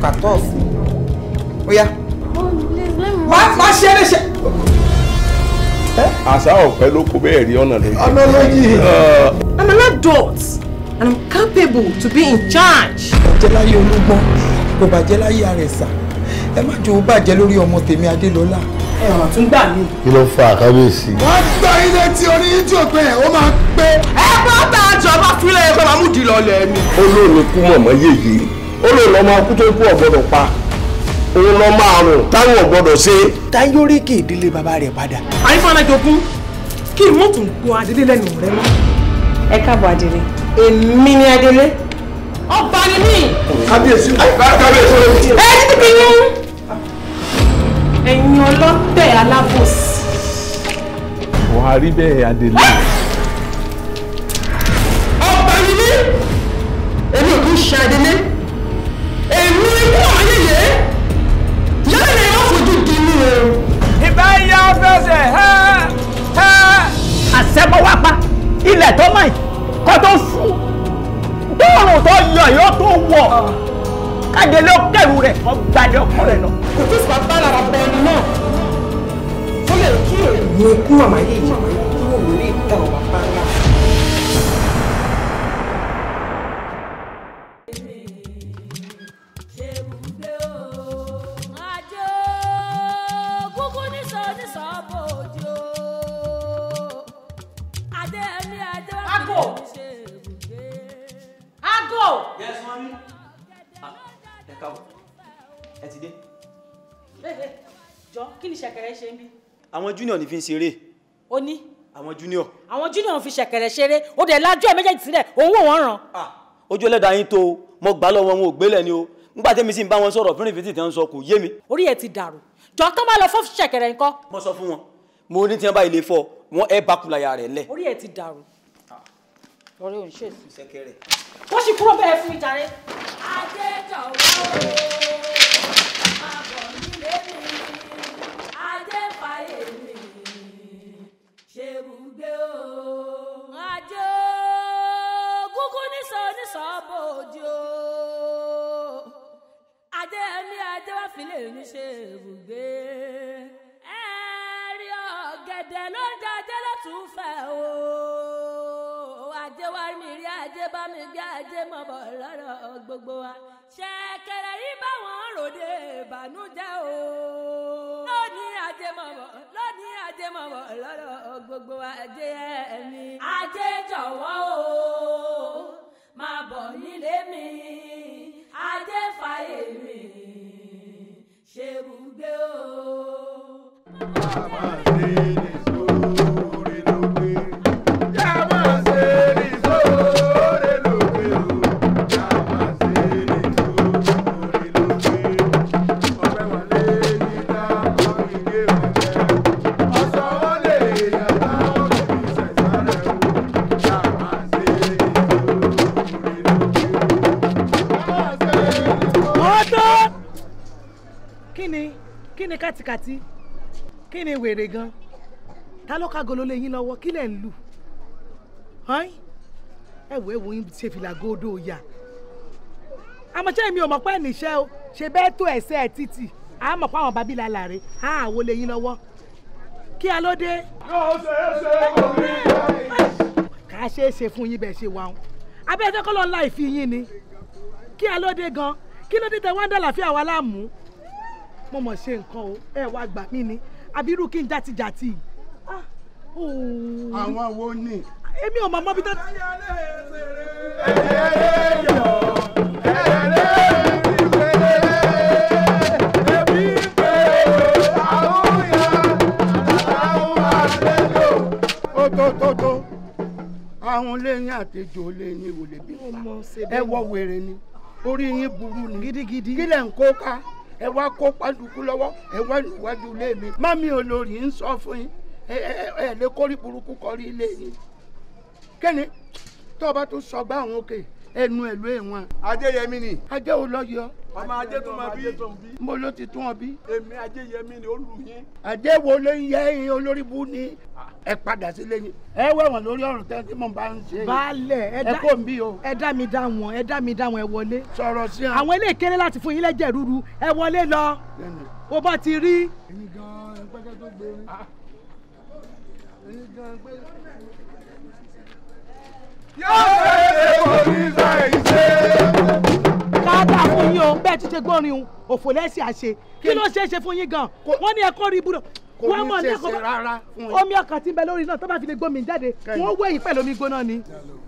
14. Oya. Má má ṣe é léṣe. Àṣà ọ̀pẹ ló kó bẹ́ẹ̀ rí ọ̀nà lójú. Ọ̀nà lójú. I'm an adult and I'm capable to be in charge. Bàjẹ́ láyé olúgbọ́n, kò bàjẹ́ láyé àrẹ̀sà. Ẹ má jò ó bàjẹ́ lórí ọmọ tèmi Adélọ́lá. Ẹ̀wọ̀n tún gbà mí. Kí ló fa àkábíyèsí? Wọ́n gbọ́ ilé tí ó máa pé. Ẹ bá bá àjọba fílẹ̀ ẹgbẹ́ mamúdìlọ́lẹ̀ mi. Ó lóun kú mọ̀mọ́ yéye ó lè lọ máa kú tó kú ọ̀gbọ́dọ̀ pa òun lọ máa rùn táwọn ọ̀gbọ́dọ̀ ṣe. táyọ̀rí kì í délé bàbá rẹ̀ padà. àyífọ́nà jogún kí n mọ̀tún gbọ́ adélé lẹ́nu rẹ mọ́. ẹ káàbọ̀ adélé èmi ni adélé ọba ni mí. kábíyèsí kábíyèsí. ẹ ti bí yín. ẹ̀yin ọlọ́tẹ̀ alábòsí. wàá rí bẹ́ẹ̀ adélé. ọba ni mí èmi ò kí ń ṣe adélé. ẹyà fẹsẹ̀ hẹ́ hẹ́. àṣẹmọ́wá pa ilẹ̀ tó mọ̀ kó tó ṣú tóòrùn tó yọ yóò tó wọ̀ kájẹlé kẹrù rẹ̀ kó gbàdé ọkọ rẹ̀ lọ. kò tó sọ bá lára bẹ ẹni náà tó kí èrè kú màmá yìí kí wọ́n lè tọ̀ wá máa rí ah, ẹ káàbọ̀ ẹ ti dé. Eh, eh, jọ kí ni ṣẹ̀kẹ̀rẹ̀ ṣe ń bí. àwọn junior ní fi ń ṣeré. ó ní. àwọn junior. àwọn junior fi ṣẹ̀kẹ̀rẹ̀ ṣeré ó dẹ̀ lájú ẹ̀ méjèèjì sílẹ̀ òun wò wọ́n ràn. Ah, ojú ẹlẹ́dàá yín tó o mo gbà lọ́wọ́ wọn ò gbélẹ̀ ni o nígbà tẹ́mi sì ń bá wọn sọ̀rọ̀ fún ìfitì tí wọ́n sọ kò yé mi. orí ẹ ti dàrú jọ tán bá lọ fún ṣẹ̀kẹ̀rẹ̀ nǹkan. mo sọ fún wọn mo ní tí wọn bá ilé fọ wọn ẹ bá kùlàyà rẹ lẹ. orí ẹ ti dàrú ọ̀rẹ́ ò ń ṣèṣì. sẹ́kẹ̀rẹ̀. wọ́n sì kúrò bẹ́ẹ̀ fún ìjàre. adéjọ̀wọ́ àbọ̀ nílé mi adéfàyè mi ṣèrúgbé o. ajé gúgú níṣọ níṣọ bòde o. adé ẹni adé wá fi lè ní ṣèrúgbé. ẹ̀ẹ́rì ọ̀gẹ̀dẹ̀ ló ń jẹ́ ajé ló tún fẹ́ o ajé bá mi gbé ajé mọ̀ bọ̀ lọ́rọ̀ gbogbo wa. ṣẹ̀kẹ̀rẹ̀ rí báwọn ròde ìbànújẹ́ o. lónìí ajé mọ̀ bọ̀ lónìí ajé mọ̀ bọ̀ lọ́rọ̀ gbogbo wa ajé ẹ̀mí. ajé jọ̀wọ́ o máa bọ̀ nílé mi ajé fàyè mi ṣe o. bàbá délé sóò. kátikati kí ni wèrè gan ta ló kágolo lé yín lọ́wọ́ kí lẹ̀ ń lù ẹ wò ẹ wò yín ṣe fìlà góódó ya àmọ́ṣẹ́ mi ò mọ̀ pé níṣẹ́ o ṣe bẹ́ẹ̀ tó ẹ̀sẹ̀ ẹ̀ títì àmọ̀ pé àwọn bàbí làlà rè á àwo lé yín lọ́wọ́ kí a ló dé. yóò ṣe é ṣe kò rí bẹ́ẹ̀. kà ṣe é ṣe fún yín bẹ́ẹ̀ ṣe wà wọn abẹ́ẹ́fẹ́ kọ́ lọ́ọ́ láì fi yín ni kí a ló dé gan kí ló dé tẹ wọ́n dá wa láàmú mo mọ̀ ṣe nǹkan o ẹ wá gbà mí ni abirú kí n jàtijàti yìí. Ah, oh. àwọn wo ni. èmi ò mọ̀ mọ́ bí tó. tótótó àwọn lẹ́yìn àtẹjọ lẹ́yìn wò lè bí ẹ wọ wèrè ni orí yín burú ni gidigidi kílẹ̀ ń kó ká ẹ wá kó pàdùkú lọ́wọ́ ẹ wá níwájú ilé mi mami olórí ń sọ fún yín ẹ ẹ lè kórìí burúkú kọrí ilé yín kẹ́ni tó o bá tún sọgbà àwọn òkè ẹnu ẹ̀lú ìwọ̀n. Adéyẹmí ni. ajé wo lọ yọ. ọmọ ajé tó máa bí. mo ló ti tún ọ bí. èmi Adéyẹmí ni ó lù yín. ajé wo ló ń yẹ ẹyin olórí bú ni ẹ padà sílé yín. ẹ wẹ̀wọ̀n lórí ọ̀rùn tẹ́ tí mo bá ń ṣe. baálẹ̀ ẹ kò ń bí o. ẹ dá mi dá wọn ẹ dá mi dá wọn ẹ wọlé. sọ̀rọ̀ sí àwọn. àwọn ilé kéré láti fún yín lẹ́jẹ̀ rúru ẹ wọlé lọ. o bá ti rí. ẹyin gan-an pẹ́kẹ́ yóò fẹ́ẹ́ borí ṣàìṣe. káàdà fún yín o bẹ́ẹ̀ ti ṣe gbọ́rin o òfò lẹ́sìn àṣe kí ló ṣeé ṣe fún yín gan wọ́n ní ẹ̀kọ́ rí ibùdó wọ́n mọ̀ ní ẹ̀kọ́ rárá fún yín. omi ọkàn ti ń bẹ lórí náà tó bá fi lè gbómi jáde wọ́n wé ìpẹ́ lómi gbóná ni.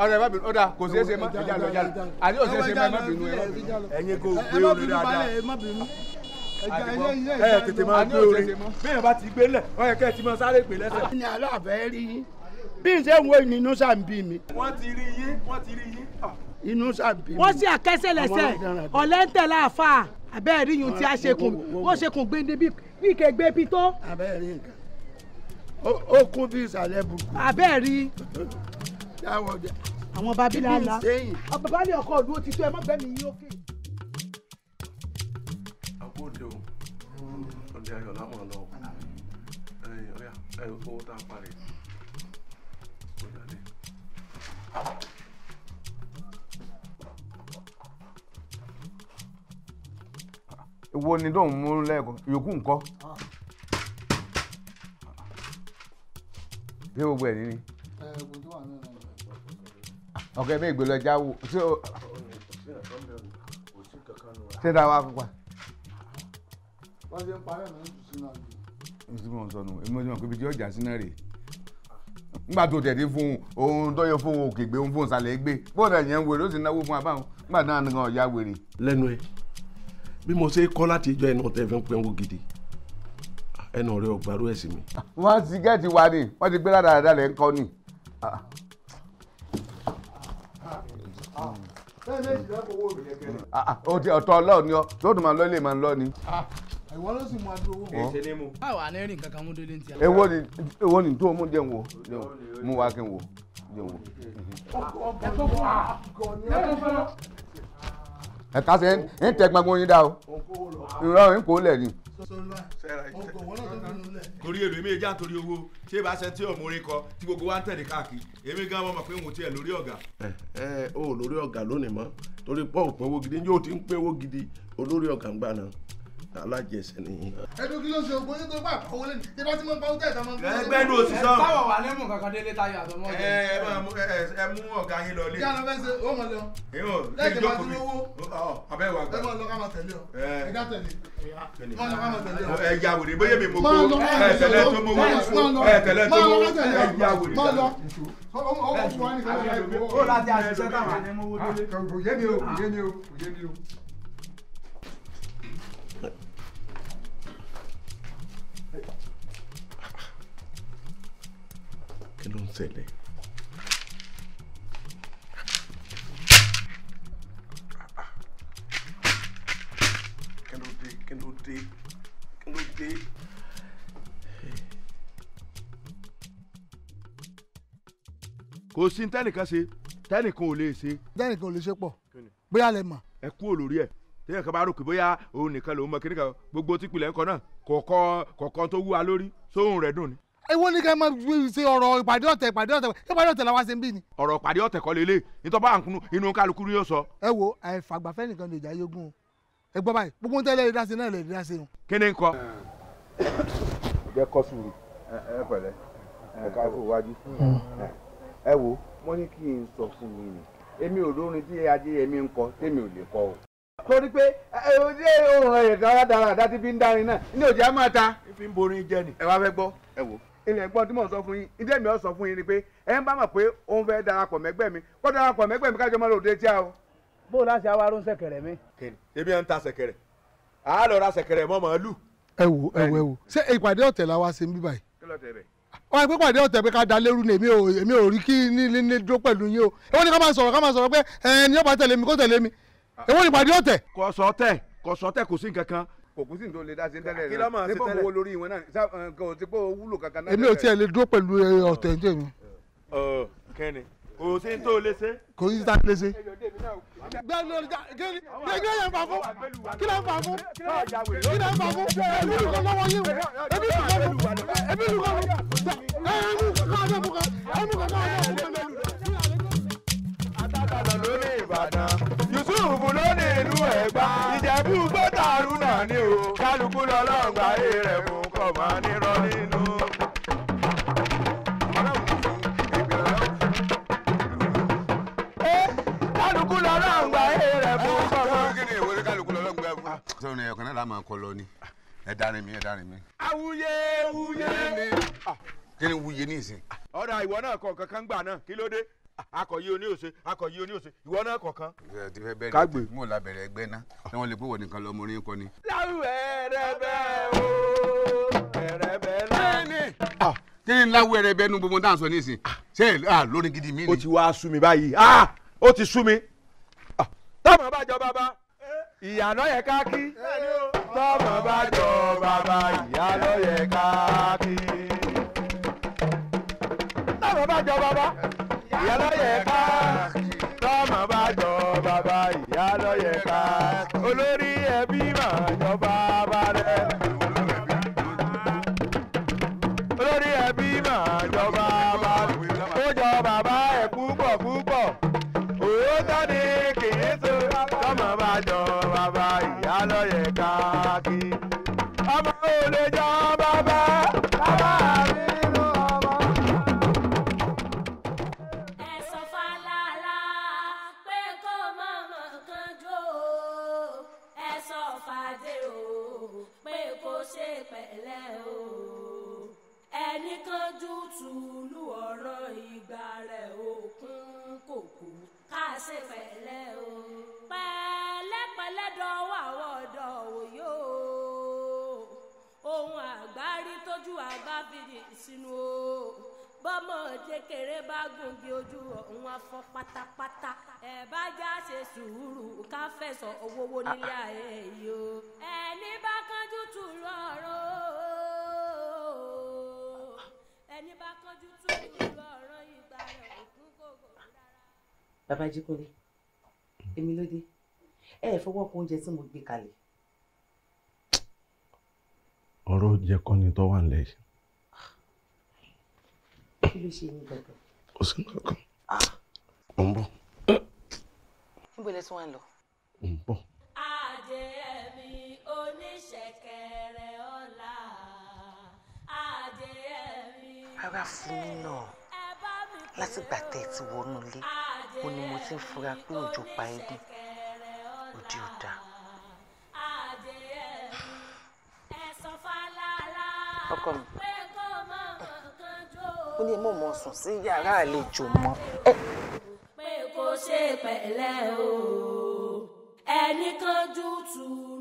ọ̀rẹ́ bá bínú ó dáa kò ṣeé ṣe má ìjà lọ jálọ àti ò ṣeé ṣe má bínú ẹ ẹ̀yin kò gbé orí dáadáa ẹ tètè máa gbé orí bí ẹ bá ti gbé lẹ̀ ọ̀yẹ̀kẹ́ ti máa sáré pè lẹ́sẹ̀. kí ni aláàbẹ̀ rí yín bí n ṣe ń wo inú sàǹbí mi. wọ́n ti rí yín wọ́n ti rí yín. Ah. inú sàǹbí mi. wọ́n sì àkẹ́sẹ̀ lẹ́sẹ̀ ọ̀lẹ́ńtẹ̀ láàfà abẹ́ẹ̀ rí yun tí a ṣe kùn wọ́n ṣe kùn gbéńdé bí kẹgbẹ́ bí tó. abẹ́ẹ̀ rí nǹkan ó kún bí ìsàlẹ̀ bùkún. abẹ́ẹ̀ rí. àwọn babilá la bàbá ní ọkọ ìlú ti tó ẹ má bẹ́ẹ̀ mi yín ókè. àbóde o ọdẹ ayọ̀ lámọ̀ lọ ẹ ẹ owó tá a parí. wo ni dóun mú lẹ́ẹ̀kan yòókù ńkọ́ bí gbogbo ẹ̀ ní ni. ọ̀kẹ́ mi ìgbélé ọjà wò ṣé o. ṣé ta wá pípa. wọ́n mi ní tùsí náà jù. mo ti mọ̀ sọnù èmi mo nígbà tó tẹ̀lé fún ohun tó yẹ fún ohun òkè gbé ohun fún ìsàlẹ̀ gbé bóòdà yẹn ń wèrè ó sì náwó fún abáwọn nígbà náà nìkan ọ̀yà wèrè. lẹ́nu ẹ bí mo ṣe kọ́ láti ìjọ ẹnu ọ̀tẹ̀ fi ń pẹ́ńwó gidi ẹnu rẹ ọgbàrú ẹ̀sìn mi. wọ́n ti gẹ́ẹ̀tì wa ni wọ́n ti gbé ládàáda lẹ́ ń kọ́ ni. Ah. Ah, ah. ọ̀tọ̀ ọlọ́ọ̀ ni ọ tó máa lọ ìwọ ló sì mú adúró owó mọ. ètè ni mo. báwo àná ẹ̀rín kankan mú délé ti. èwo ni èwo ni tó mú jẹun wo mú wa kí n wo jẹun wo. ẹ̀tọ́ fún wa ẹ̀tọ́ fún wa. ẹ̀ka sẹ́ ń tẹ gbàgbọ́n yín dá o ìrọ̀rùn kò lẹ̀ ni torí èrò èmi ìjà torí owó ṣé ìbá ṣe tí ọmọ orin kọ tí gbogbo wa ń tẹ̀lé káàkiri èmi gan mọ̀ pé n ò tiẹ̀ lórí ọ̀gá. ẹ ẹ o lórí ọ̀gá lónìí mọ́ torí pọ́ọ̀pù owó gidi yóò ti ń pé owó gidi olórí ọ̀gá ń gbà náà alájẹsẹ nìyí. ẹdun kí ló ṣe ògbó yín tó bá àkọwé lẹni tí bá ti mọ báwùtẹ ìtàn mọ. ẹgbẹ́ ní oṣù sọ. báwo wà lẹ́mù kankan délé táyà àtọmọ. ẹ ẹ mú ọ̀gá yín lọ lé. kí àná fẹ́ ṣe ó mọ̀ lẹ́wọ̀n. èèyàn lẹ́yìn tí wọ́n ti lówó. abẹ́ wa gbà. ẹ máa lọ ká máa tẹ̀lé ọ. ẹ já tẹ̀lé. ẹ ya wèrè bóyá mi mọ̀ kó ẹ tẹ̀lé tó mọ̀ wó ẹ tẹ̀lé tó mọ̀ ẹ ya wèrè. máa lọ ó láti àṣìṣe táwọn àná délé. kò yé mi o kò yé mi o kò yé mi o. ló ń ṣẹlẹ̀? kí ló dé kí ló dé kí ló dé. kò sí tẹ́nìkan ṣe tẹ́nìkan ò lè ṣe. tẹ́nìkan ò lè ṣe pọ̀ bóyá lè mọ̀. ẹ kú olórí ẹ tẹ́yẹ̀ bá rò pé bóyá òun nìkan lòún mọ kíníkan gbogbo típìlẹ̀ ńkọ náà kọ̀ọ̀kan kọ̀ọ̀kan tó wúwa lórí sóhun rẹ̀ dùn ni. Ewo ni ká máa ṣe ọ̀rọ̀ ìpàdé ọ̀tẹ̀ ìpàdé ọ̀tẹ̀ ìpàdé ọ̀tẹ̀ làwa ṣe ń bí ni. ọ̀rọ̀ ìpàdé ọ̀tẹ̀ kọ́ lélẹ̀ nítorí bá nkunu inú kálukú yóò sọ. ẹ wo àìfàgbàfẹ́ nìkan lè jáyé ogún o ẹ gbọ́ báyìí gbogbo ń tẹ́lẹ̀ ìdásí náà lè dásí o. kí ni nkọ. jẹ kọ sùúrù ẹ pẹ̀lẹ́ ẹ ká kó wájú ẹ wo wọn ní kí n sọ fún mi ni èmi ò lórin tí ajé èmi ń kọ tèmi ò lè kọ o torí pé ojú òòrùn ẹ̀yẹ̀ dáradára àdá ti fi ń dárin náà ní òjì máa ta. fi borin jẹ ni. ẹ wá fẹ́ gbọ́ ẹ wò ilẹ̀ ẹ̀gbọ́n tí mò ń sọ fún yín ìdí èmi ọ̀ sọ fún yín ni pé ẹ ń bá mọ̀ pé òun fẹ́ darapọ̀ mẹ́gbẹ́ mi kó darapọ̀ mẹ́gbẹ́ mi kájọ máa lò dé tíá o. bó o láti awárò ń ṣẹ̀kẹ̀rẹ̀ mi. kìnì ebi à ń ta ṣẹ̀kẹ̀rẹ̀ à á lọ ra ṣẹ̀kẹ̀rẹ̀ mọ́ màálù. ẹ wo ẹ wo ẹ wo ṣé ìpàdé ọ̀tẹ̀ la wá sí níbí báyìí. kí ló tẹ̀ bẹ̀ wọ́n pẹ́ pàdé ọ̀tẹ̀ pé ká da lérú ni èmi ò èmi ò rí kí ní ní o èwo ni ká máa sọ̀rọ̀ ká máa sọ̀rọ̀ pé ẹni yóò bá tẹ̀lé mi kò kú sí ní tó lè dá sí tẹ́lẹ̀ rẹ ṣé bọ́ọ̀mù wo lórí ìwọ̀n náà kò ti pé o wúlò kankan náà. èmi ò tiẹ̀ lè dúró pẹ̀lú ọ̀tẹ̀ ń tèmi. kẹ́ni kò sí ní tó lè ṣe. kò sí ní tó lè ṣe. gbẹ́ni olùjà kí ni yẹn fà fún kí ni yẹn fà fún kí ni yẹn fà fún èmi lùkọ́ lọ́wọ́ yé wò èmi lùkọ́ lọ́wọ́ èmi lùkọ́ lọ́wọ́ èmi lùkọ́ lọ́wọ́ èmi lùkọ́ lọ́wọ́ Ẹ̀gbá Ìjẹ̀bú gbọ́dọ̀ àrùn náà ni o kálukú lọ́lọ́gbà ayé mú kọ́ máa nínú. kálukú ọ̀kan náà lọ ni mi mi. awuye wuye. kí ni wuye ní ìsìn. ọ̀rọ̀ náà kọ̀ kankan gbà náà kí akọ̀yí oní òṣè akọ̀yí oní òṣè ìwọ náà kọ̀ọ̀kan. kágbè mò ń labẹ̀rẹ̀ ẹgbẹ́ ná tí wọ́n lè pé wọ́n nìkan lọ́mọ orin kọ ni. láwùrẹ́ rẹ bẹ́ẹ̀ o rẹ bẹ́ẹ̀ náà tẹ́lẹ̀ ńlá wẹ̀rẹ̀ bẹ́ẹ̀ nu gbogbo dáhùn sọ nísìn ṣé lórí gidi mi ni. ó ti wá sú mi báyìí ó ti sú mi. tọ́mọ̀ bá jọ bàbá ìyá ló yẹ ká kí. tọ́mọ̀ bá jọ bàbá ìyá ló yẹ ká tọ́mọ̀ bá jọ bàbá ìyá lọ́yẹ̀ ká tọ́mọ bá jọba bá ìyá lọ́yẹ̀ ká olórí ẹbí mà jọba. ṣe pẹ̀lẹ́ o pẹ̀lẹ́pẹ̀lẹ́ dọ̀wọ́ àwọn ọ̀dọ́ òye ohun àgbárí tójú àgbá sínú o bọ́mọdé kéré bá gùngi ojú ọ̀hún afọ́ pátápátá ẹ bá já ṣe sùúrù ká fẹ̀sọ̀ owówó nílé ayé yìí o ẹni bá kánjú tù rọrùn ẹni bá kánjú tù rọrùn. bàbá Jíkúnlé èmi ló dé ẹ ẹ fọwọ́ kún oúnjẹ tí mo gbé kalẹ̀. ọ̀rọ̀ oúnjẹ kọ́ ni tó wà ń lẹ̀ yìí. kí ló ṣe yín gbọ̀ngàn. kò sí nǹkan kan mo ń bọ̀. níbo lẹ tún wà ń lọ. mo ń bọ̀. adé ọ̀la adé ara fún mi náà látìgbà tẹ́ ẹ ti wọnú ilé ó ní mo ti ń fura pé òjò pa ẹ́ dé òde ò ọkọ mi ó ní mo sùn sí yàrá àlejò mọ́. pé kó ṣe pẹ̀lẹ́ o ẹnì kan jù tù.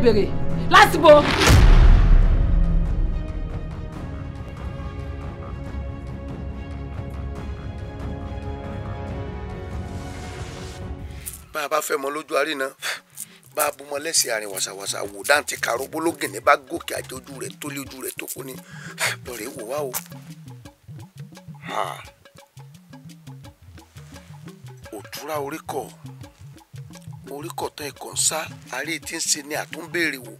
bèrè lásìbò. bá a bá fẹ́ mọ lójú àárín náà bá a búmọ lẹ́sẹ̀ àárín wàsàwàsà wò dáǹtì kàró bólógìn ní bá gòkè àjọ ojú rẹ̀ tó lé ojú rẹ̀ tó kú ni lọ́ọ̀rẹ́ wò wá o. òtúrá orí kọ̀ orí kọ̀tọ́ ẹ̀kọ́ ń sá àárẹ̀ tí ń ṣe ni àtúnbèrè wò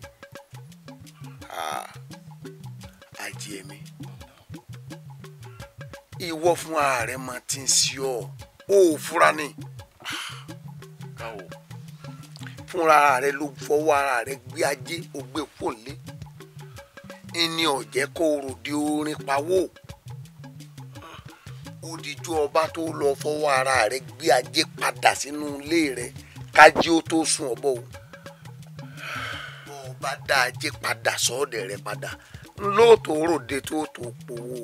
àjẹ mi ìwọ fún ààrẹ máa ti ń ṣe ọ ò fura ni fúnra rẹ ló fọwọ́ ara rẹ gbé ajé ó gbé pòlé ẹni ọ̀jẹ́ kó ròde orin pawó ó dijú ọba tó lọ fọwọ́ ara rẹ gbé ajé padà sínú ilé rẹ kájí ó tó sun ọ̀bọ o bọ́ ọ bá dá ajé padà sọ́ọ̀dẹ̀ rẹ padà lóòótọ́ òròde tó tó powó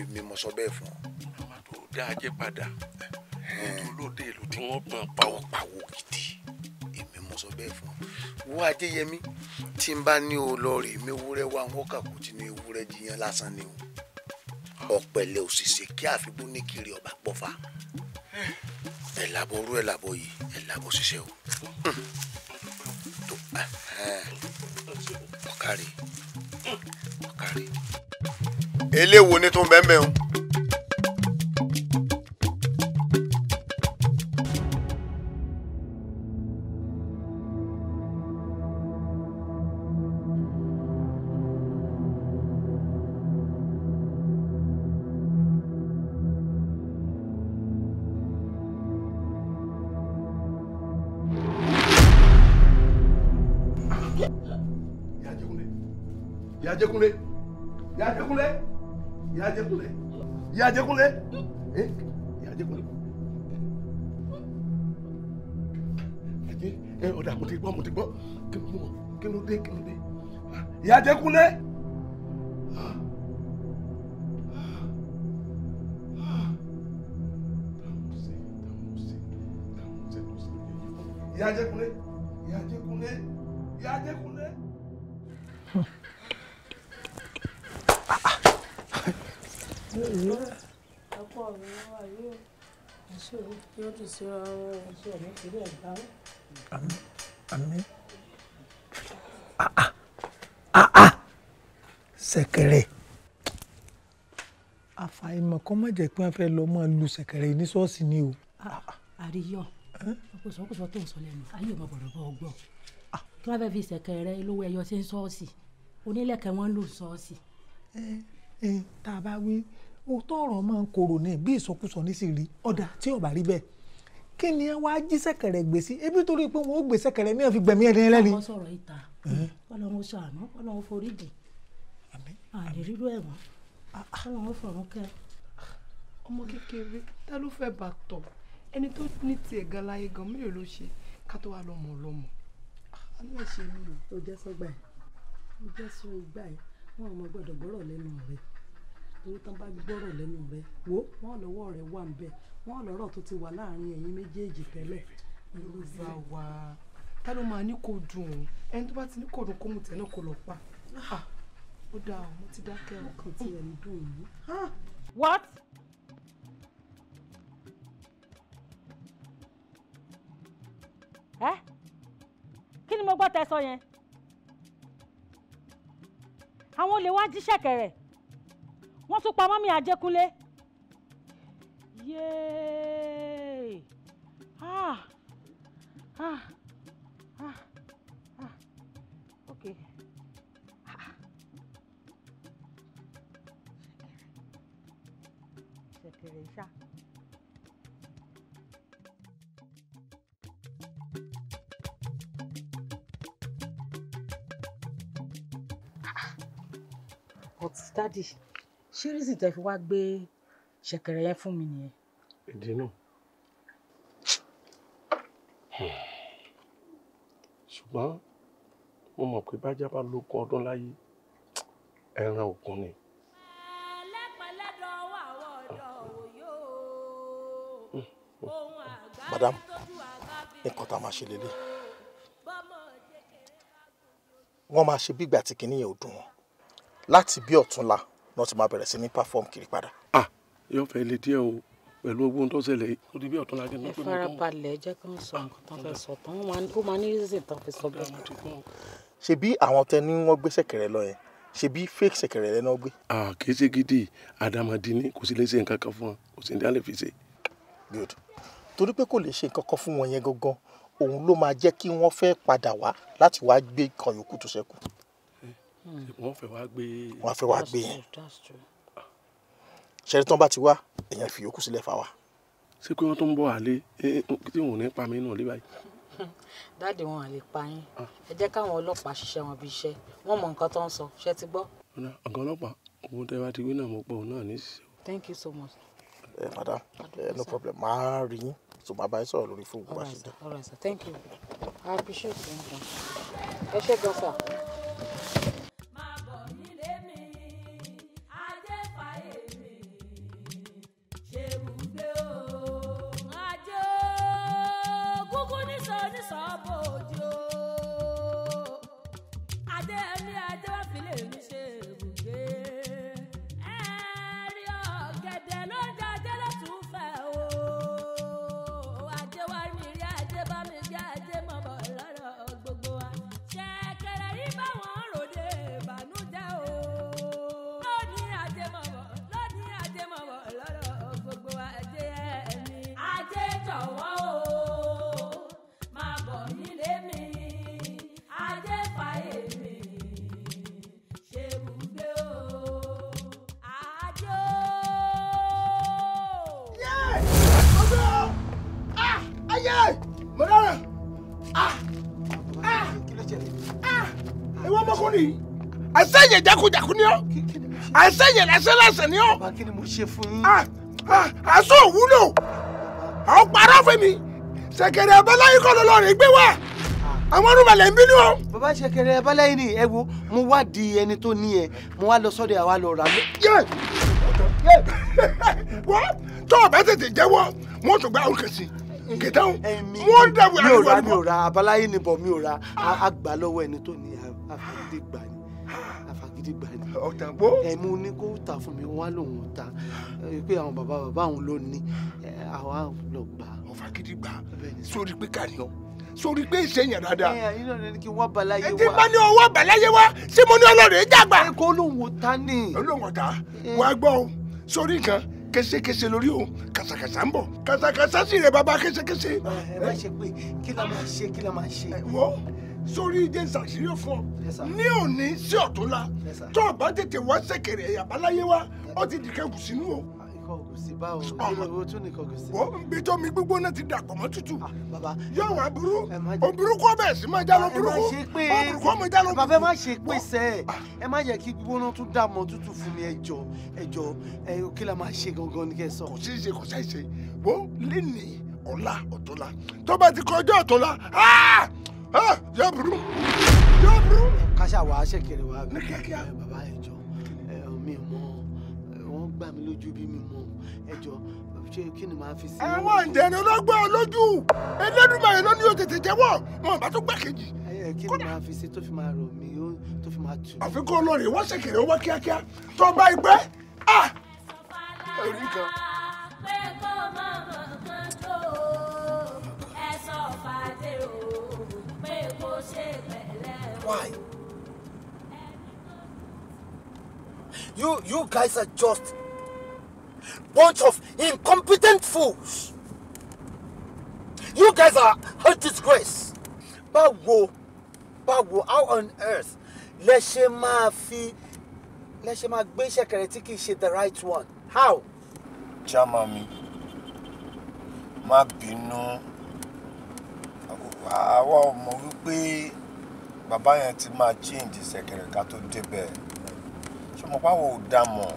èmi mo sọ bẹ́ẹ̀ fún ọ. màmá tó dá ajé padà ètò olóde ìlú tí wọ́n gbọ́n pawọ́pawọ́ gidi èmi mo sọ bẹ́ẹ̀ fún ọ. wo ajéyẹmí tí n bá ní o lọ rè mí ewúrẹ́ wá wọn kà tí ní ewúrẹ́ jiyàn lásán ni o ah. ọ̀pẹ̀lẹ̀ òṣìṣẹ́ kí àfikún ní kiri ọba pọ̀fà ẹ làbọ̀ orú ẹ làbọ̀ yìí ẹ làbọ̀ ṣiṣẹ́ o tó ọ̀kàrí ọ̀kàrí. eléwo ni tó ń bẹ́ẹ̀ mẹ́rin. Adékúnlé ìyá Adékúnlé ìyá Adékúnlé. ẹjẹ ẹ ọ̀dà mo ti gbọ́ mo ti gbọ́ kí ló mọ̀ kí ló dé kí ló dé ìyá Adékúnlé. ìyá Adékúnlé ìyá ọkọ mi wà yóò ẹṣẹ mi yóò dì sí ara wọn ẹṣẹ mi ti rí ẹgbà wọn. àmín àmín àà àà ṣẹ̀kẹ̀rẹ̀ àfàìmọ̀ kọ́ má jẹ́ pé wọ́n fẹ́ lọ́ọ́ máa lu ṣẹ̀kẹ̀rẹ̀ ní ṣọ́ọ̀ṣì ni o. Ah, ah, àríyọ ọkùnrin tó ń sọ lẹ́nu ayé ọmọ bọ̀dọ̀ bọ̀ ọgbọ́ ah. kí wọ́n fẹ́ fi ṣẹ̀kẹ̀rẹ̀ lówó ẹyọ sí ṣọ́ọ̀ṣì onílẹ̀kẹ̀ wọn lù ṣọ́ọ̀ṣì. Eh tá a bá wí o tó ọ̀rọ̀ máa ń korò ní bí ìsọkúsọ ní sì rí ọ̀dà tí ọ̀bà rí bẹ́ẹ̀ kí ni ẹ wáá jí sẹ́kẹ̀rẹ̀ gbé sí ebi torí pé wọn ó gbé sẹ́kẹ̀rẹ̀ ní àfi gbẹ̀mí ẹni ẹlẹ́ni. àwọn sọ̀rọ̀ ìta ọlọ́run ṣàánú ọlọ́run foríjì àlè rírú ẹ̀ wọ́n ah, ah. ọlọ́run fọ̀rún kẹ́. ọmọ kékeré ta ló fẹ́ bá tọ̀ ẹni tó ní tiẹ̀ gan láyé gan mélòó ló ṣe ká tó wà lọ́mọ lọ́mọ. Ah, àánú ẹ̀ ṣe mí o. o jẹ́ sọ́gbà ẹ̀ o jẹ́ sọ́gbà ẹ̀ wọn ò mọ gbọ́dọ̀ gbọ́rọ̀ lẹ́nu rẹ̀ torí tán bá gbọ́rọ̀ lẹ́nu rẹ wo wọ́n lọ́wọ́ rẹ wà ń bẹ̀ wọ́n lọ́rọ̀ tó ti wà láàrin ẹ̀yin méjèèjì tẹ́lẹ̀ olùfà wà tá ló máa ní kó dùn ẹni tó bá ti ní kó dùn kó mu tẹ̀ kó lọ pa ah, ó dáa mo ti dákẹ́ ọkàn tí ẹni dùn ún. Ah! what. ẹ eh? kí ni mo gbọ́ tẹ sọ yẹn àwọn olè wá jí ṣẹ̀kẹ̀rẹ̀ wọ́n tún pa mọ́mí Àjẹkúnlé yéé ah ah ah ah ok. Ah. ṣèkèrè ṣá. Ah. but study? ṣé rísì tẹ fi wá gbé ṣẹkẹrẹ yẹn fún mi nìyẹn. ìdí náà ṣùgbọ́n mo mọ̀ pé bájá bá lókun ọdún láyé ẹran òkun ni. madam nǹkan tá a máa ṣe lélẹ̀ wọ́n máa ṣe bí ìgbà tí kinní ò dùn wọ́n láti bí ọ̀túnla náà ti máa bẹ̀rẹ̀ sí ní perform kiri padà. ah yóò fẹ́ lé díẹ̀ o pẹ̀lú ogun tó ṣẹlẹ̀ yìí. ó di bí ọ̀tún lájẹ́ náà pé mo tán. ẹ farabalẹ̀ jẹ́ kí n sọ nǹkan tán fẹ́ sọ tán ó máa ní reason tán fi sọ bẹ́ẹ̀. ṣebí àwọn tẹ ní wọ́n gbé ṣẹ̀kẹ̀rẹ̀ lọ yẹn ṣebí fake ṣẹ̀kẹ̀rẹ̀ lẹ́nu gbé. a kì í ṣe gidi àdàmàdì ni kò sí lè ṣe nǹkan kan fún wọn kò sì ní alẹ́ fi ṣe. good torí pé kò lè ṣe nǹkan kan fún wọn yẹn gangan òun ló máa jẹ́ kí wọ́n fẹ́ padà wá láti wá gbé kan yòókù tó ṣẹ́kù wọ́n fẹ́ wá gbé. wọ́n fẹ́ wá gbé yẹn ṣẹ́rí tán bá ti wá èèyàn fi yòókù sílẹ̀ fáwa. ṣé pé wọ́n tó ń bọ̀ àlé tí wọn ní pa mí nù lé dáàdi wọn à pa yín ah. ẹ jẹ́ káwọn ọlọ́pàá ṣiṣẹ́ wọn bí iṣẹ́ wọ́n mọ nǹkan tó ń sọ ṣe ti gbọ́. ọ̀gá ọlọ́pàá òun tẹ́ wá ti wí náà mo pọ̀ náà ní. thank you so much. ẹ eh, madam ẹ eh, no problem máa rí yín so máa bá yín sọ̀rọ̀ lórí fóònù bá ṣe dé. all right sir thank you i appreciate you. ẹ ṣé gan sir. ṣe lẹ́sẹ̀ lẹ́sẹ̀ ni ó. bàbá kí ni mo ṣe fún yín. Ah, ah, àṣọ òwúlò àwọn parọ́ fún mi ṣẹ̀kẹ̀rẹ̀ abáláyé kọ́ lọ́lọ́rin gbé wá àwọn arúgbálẹ̀ ń bínú o. bàbá ṣẹ̀kẹ̀rẹ̀ abáláyé ni ẹ wo mo wá di ẹni tó ní ẹ mo wá lọ sọ́dọ̀ àwa lọ rà. wọ́n tó o bá tètè jẹ́wọ́ wọ́n tún gba àwọn kẹsì kẹtàn wọ́n dàbí àdúgbò. mi ò ra mi ò ra abáláyé ni bọ̀ mi ò ra àgbà lọ́wọ́ ẹni tó ní àfẹ́dẹ́gbà gidi gbà ni. ọ̀tàn gbó. ẹ mú ní kó ta fún mi wá lòun ta pé àwọn bàbá bàbá òun ló ní àwa lọ gbà. ọ̀fà gidi gbà sórí pé kárí ọ sórí pé ìṣẹ̀yìn dáadáa. ẹ ẹ ìlànà ni kí wọ́n balaye wa. ẹ ti bá ní owó balaye wa ṣé mo ní ọlọ́rẹ̀ dàgbà. ẹ kó lóun ta ni. olóhùn ọ̀tá wàá gbọ́ o sórí nǹkan késekése lórí o kàsàkàsà ń bọ̀ kàsàkàsà sì rẹ̀ bàbá késekése. ẹ má ṣe pé kí la máa ṣe kí la máa ṣe. wọ́n sórí ìdè ṣàṣírí fún ọ ní òní sí ọ̀túnla tó o bá tètè wá ṣèkèrè àbáláyé wa ó ti dìkẹ́ kù sínú o. Ah, ọmọ bí tómi gbígbóná ti dàpọ̀ mọ́ tútù ah, yóò wá burú òbúrúkú ọbẹ̀ sí máa já lọ ah, burúkú òbúrúkú ọmọ já lọ burúkú. bàbá ẹ má ṣe pé sẹ ẹ má yẹ kí gbígbóná tún dà mọ́ tútù fún mi ẹjọ ẹjọ ẹ kí la máa ṣe gangan ní kẹ sọ. kò sí ṣe kò sáì ṣe wo lẹ́nìí ọ̀la ọ̀tọ̀la tó bá ti kọjá ọ̀tọ̀la jẹ́ burú jẹ́ burú. wa wàá ṣèkèrè wàá bí bàbá ẹjọ́ mi mọ wọn gbà mí lójú bí mi mọ ẹjọ́ ṣé kí ni màá fi sí. àwọn ìdẹ̀rẹ̀ ọlọ́gbọ́n lójú Elédùmarè ló ní o tètè jẹ́wọ́ wọn bá tó gbà kejì. kí ni màá fi ṣe tó fi máa rò mí tó fi máa tù. àfikún olórí wọ́n ṣèkèrè owó kíákíá tó bá ipẹ́ ah. ẹ̀rí kan. pé kó máa. Why? You, you guys are just bunch of incompetent fools. You guys are a disgrace. Báwo, báwo, how on earth lẹ ṣe máa fi lẹ ṣe máa gbé ṣẹ̀kẹ̀rẹ̀ tí kìí the right one? How? Jama mi, má bínú, àwa ọmọ wípé bàbá yẹn ti máa change ṣẹ̀kẹ̀rẹ̀ ká tó débẹ̀ ṣé mo pàwọ̀ ò dá mọ̀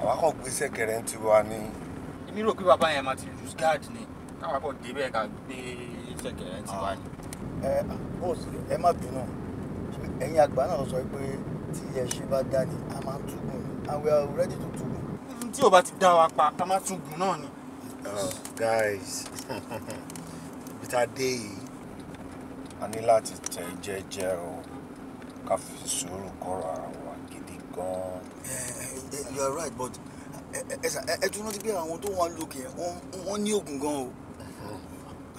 àwa kàn gbé ṣẹ̀kẹ̀rẹ̀ ń tiwa ní. èmi rò pé bàbá yẹn máa ti use guard ni káwa kàn débẹ̀ ká gbé ṣẹ̀kẹ̀rẹ̀ ń tiwa ní. ẹ ah. eh, ah, ẹ má bínú ẹ̀yin àgbà náà sọ pé tí ẹṣin bá dá ni a máa ń túgùn ni and we are ready to túgùn. tí o bá ti dá wa pa ká má túgùn náà ni. Oh, guys bí ta yìí a ní láti tẹ̀ jẹ́jẹ́ o ká fi sùúrù kọ́ra àwọn gidi gan. Eh, eh, you are right but eh, ẹ tún rántí pé àwọn tó wà lókè wọ́n ní oògùn gan o mm-hmm.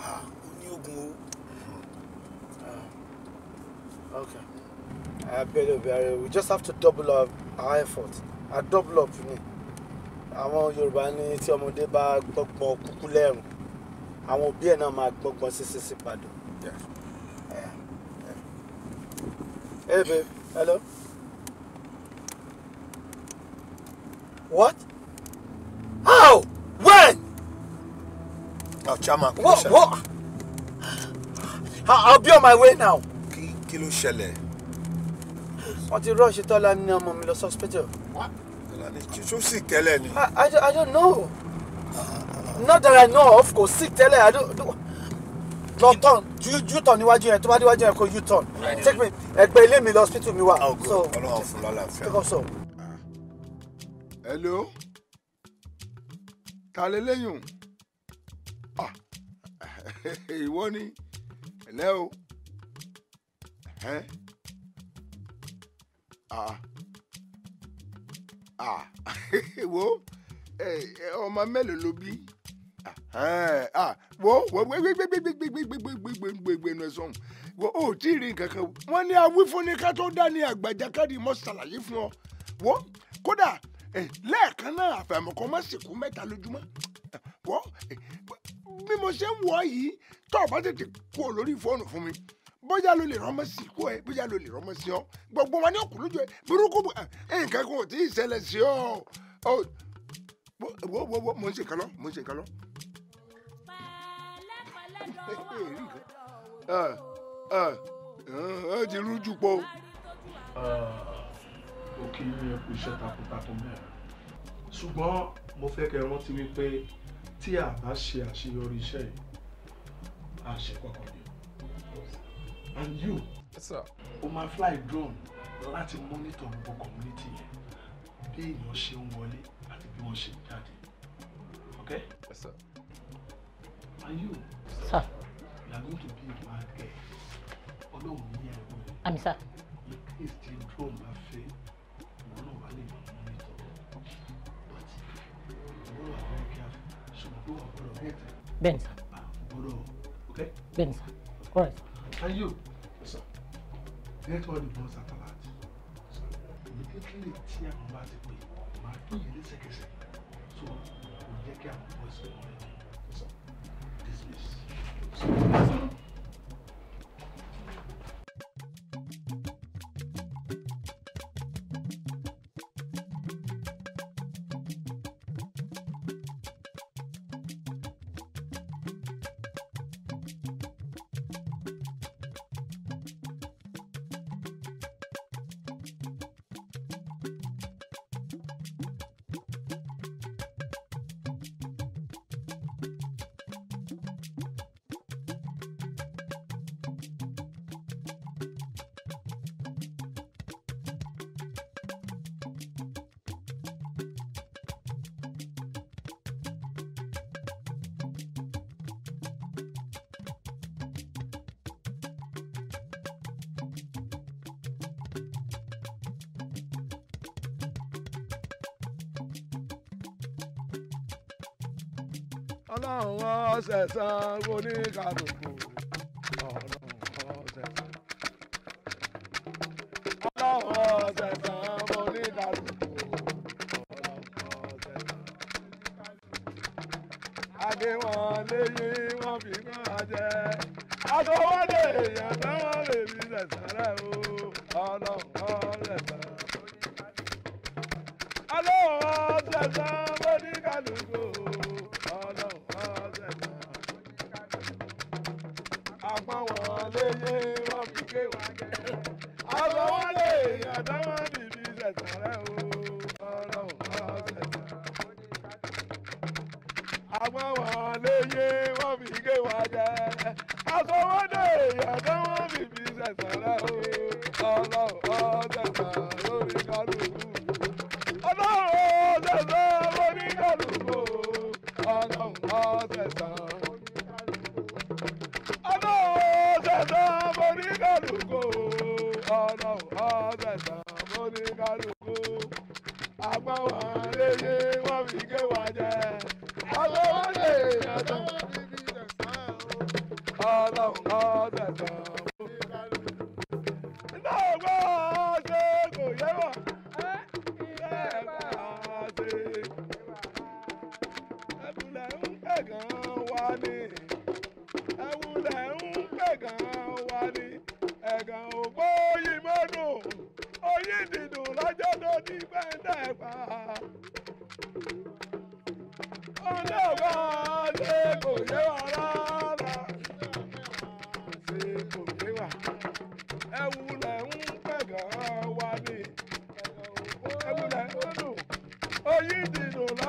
ah, wọ́n ní oògùn o. Mm-hmm. Ah, okay abẹ́lẹ̀ obìnrin we just have to double up our effort I double up ni àwọn Yorùbá ní tí ọmọdé bá gbọ́gbọ́n kúkú lẹ́rùn àwọn òbí ẹ̀ náà máa gbọ́gbọ́n sísè sí padà. Hey, babe. Hello? What? How? When? Oh, Chama. What? What? I'll be on my way now. Kí ló ṣẹlẹ̀? Wọ́n rush Tọ́lá ní ọmọ mi lọ sí hospital. Tọ́lá ní ṣíṣú sì tẹ́lẹ̀ I don't know. Not that I know of, course. sí tẹ́lẹ̀. I don't lọ turn u turn níwájú yẹn tó bá déwájú yẹn kó u turn take me ẹgbẹ́ ilé mi lọ hospital mi wà oh, so ọlọ́run fún up ah. hello ta lè léyìn ah. ìwọ ni ẹ̀lẹ́ o wo ọmọ mélòó ló bí wo gbẹgbẹgbẹgbẹgbẹgbẹgbẹgbẹgbẹgbẹ nu ẹsọ wo o tí ì rí nǹkan kan wọn ní awífúnni ká tó dání àgbàjákàdì mọ ṣàlàyé fún ọ wo kódà lẹ́ẹ̀kan náà àfẹ̀mọ̀kọ́ má sì kú mẹ́ta lójúmọ́ wo bí mo ṣe ń wọ̀ yìí tó o bá tètè kú o lórí fóònù fún mi bóyá ló lè rọmọ sí kú ẹ bóyá ló lè rọmọ sí ọ gbogbo wa ní òkú lójú ẹ burúkú nǹkan kan ò tí ì ṣẹlẹ̀ sí ọ wo wo wo mo ń ṣe nǹkan lọ mo ń ṣe nǹkan lọ ẹ ẹ ti rújú po. òkè yín ẹ kú iṣẹ́ takuntakun mẹ́rin ṣùgbọ́n mo fẹ́ kẹ́ rántí wípé tí a bá ṣe àṣeyọrí iṣẹ́ yìí a ṣe kọ́kọ́ ni and you o máa fly drone láti monitor gbogbo community yẹn bí èèyàn ṣe ń wọlé àti bí wọ́n ṣe ń jáde okay. Yes, And you, sir, you are going to be my heir. Ọlọ́run ní ẹ̀kọ́ rẹ̀. Àmì sá. In case tí drone bá fẹ́, ìwọ náà wà lè máa mú ìtọ́. But ìwọ wà very careful. Ṣùgbọ́n ó wà gbọ́dọ̀ mẹ́ta. Bẹ́ẹ̀ni sá. Gbọ́dọ̀ okay? Ben sir. All right. And you, sir, get all the guns at alert. Immediately tí àwọn bá ti pè, màá pè yín lẹ́sẹ̀kẹsẹ̀. So, kò jẹ́ kí àwọn. ọlọ́run ọ̀sẹ̀ san oníkàlùkù.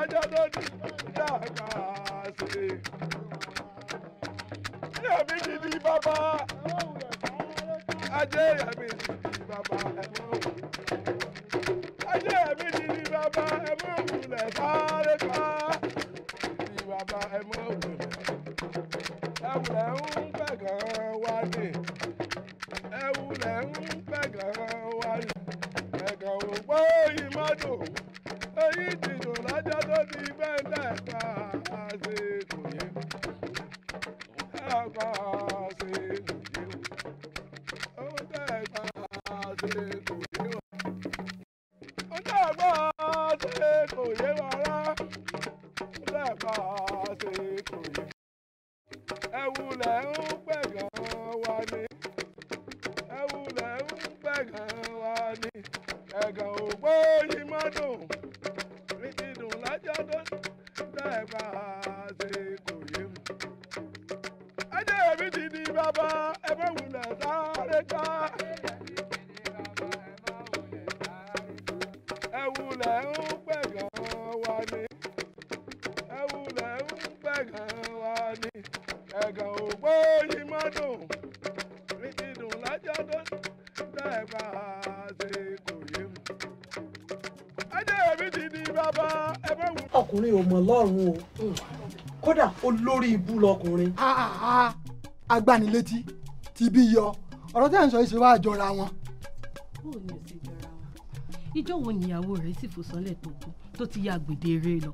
adájọ́ tó ní dàgbà sí. Ilé mi ti di bàbá ajé ìyá gbanilétí ti bí yọ ọ̀rọ̀ tí à ń sọ yìí ṣe wá jọra wọn. bóò ni o ṣe jọra wọn ìjọ wo nìyàwó rẹ sì fò sọlẹ̀ tó kú tó ti ya gbèdéré lọ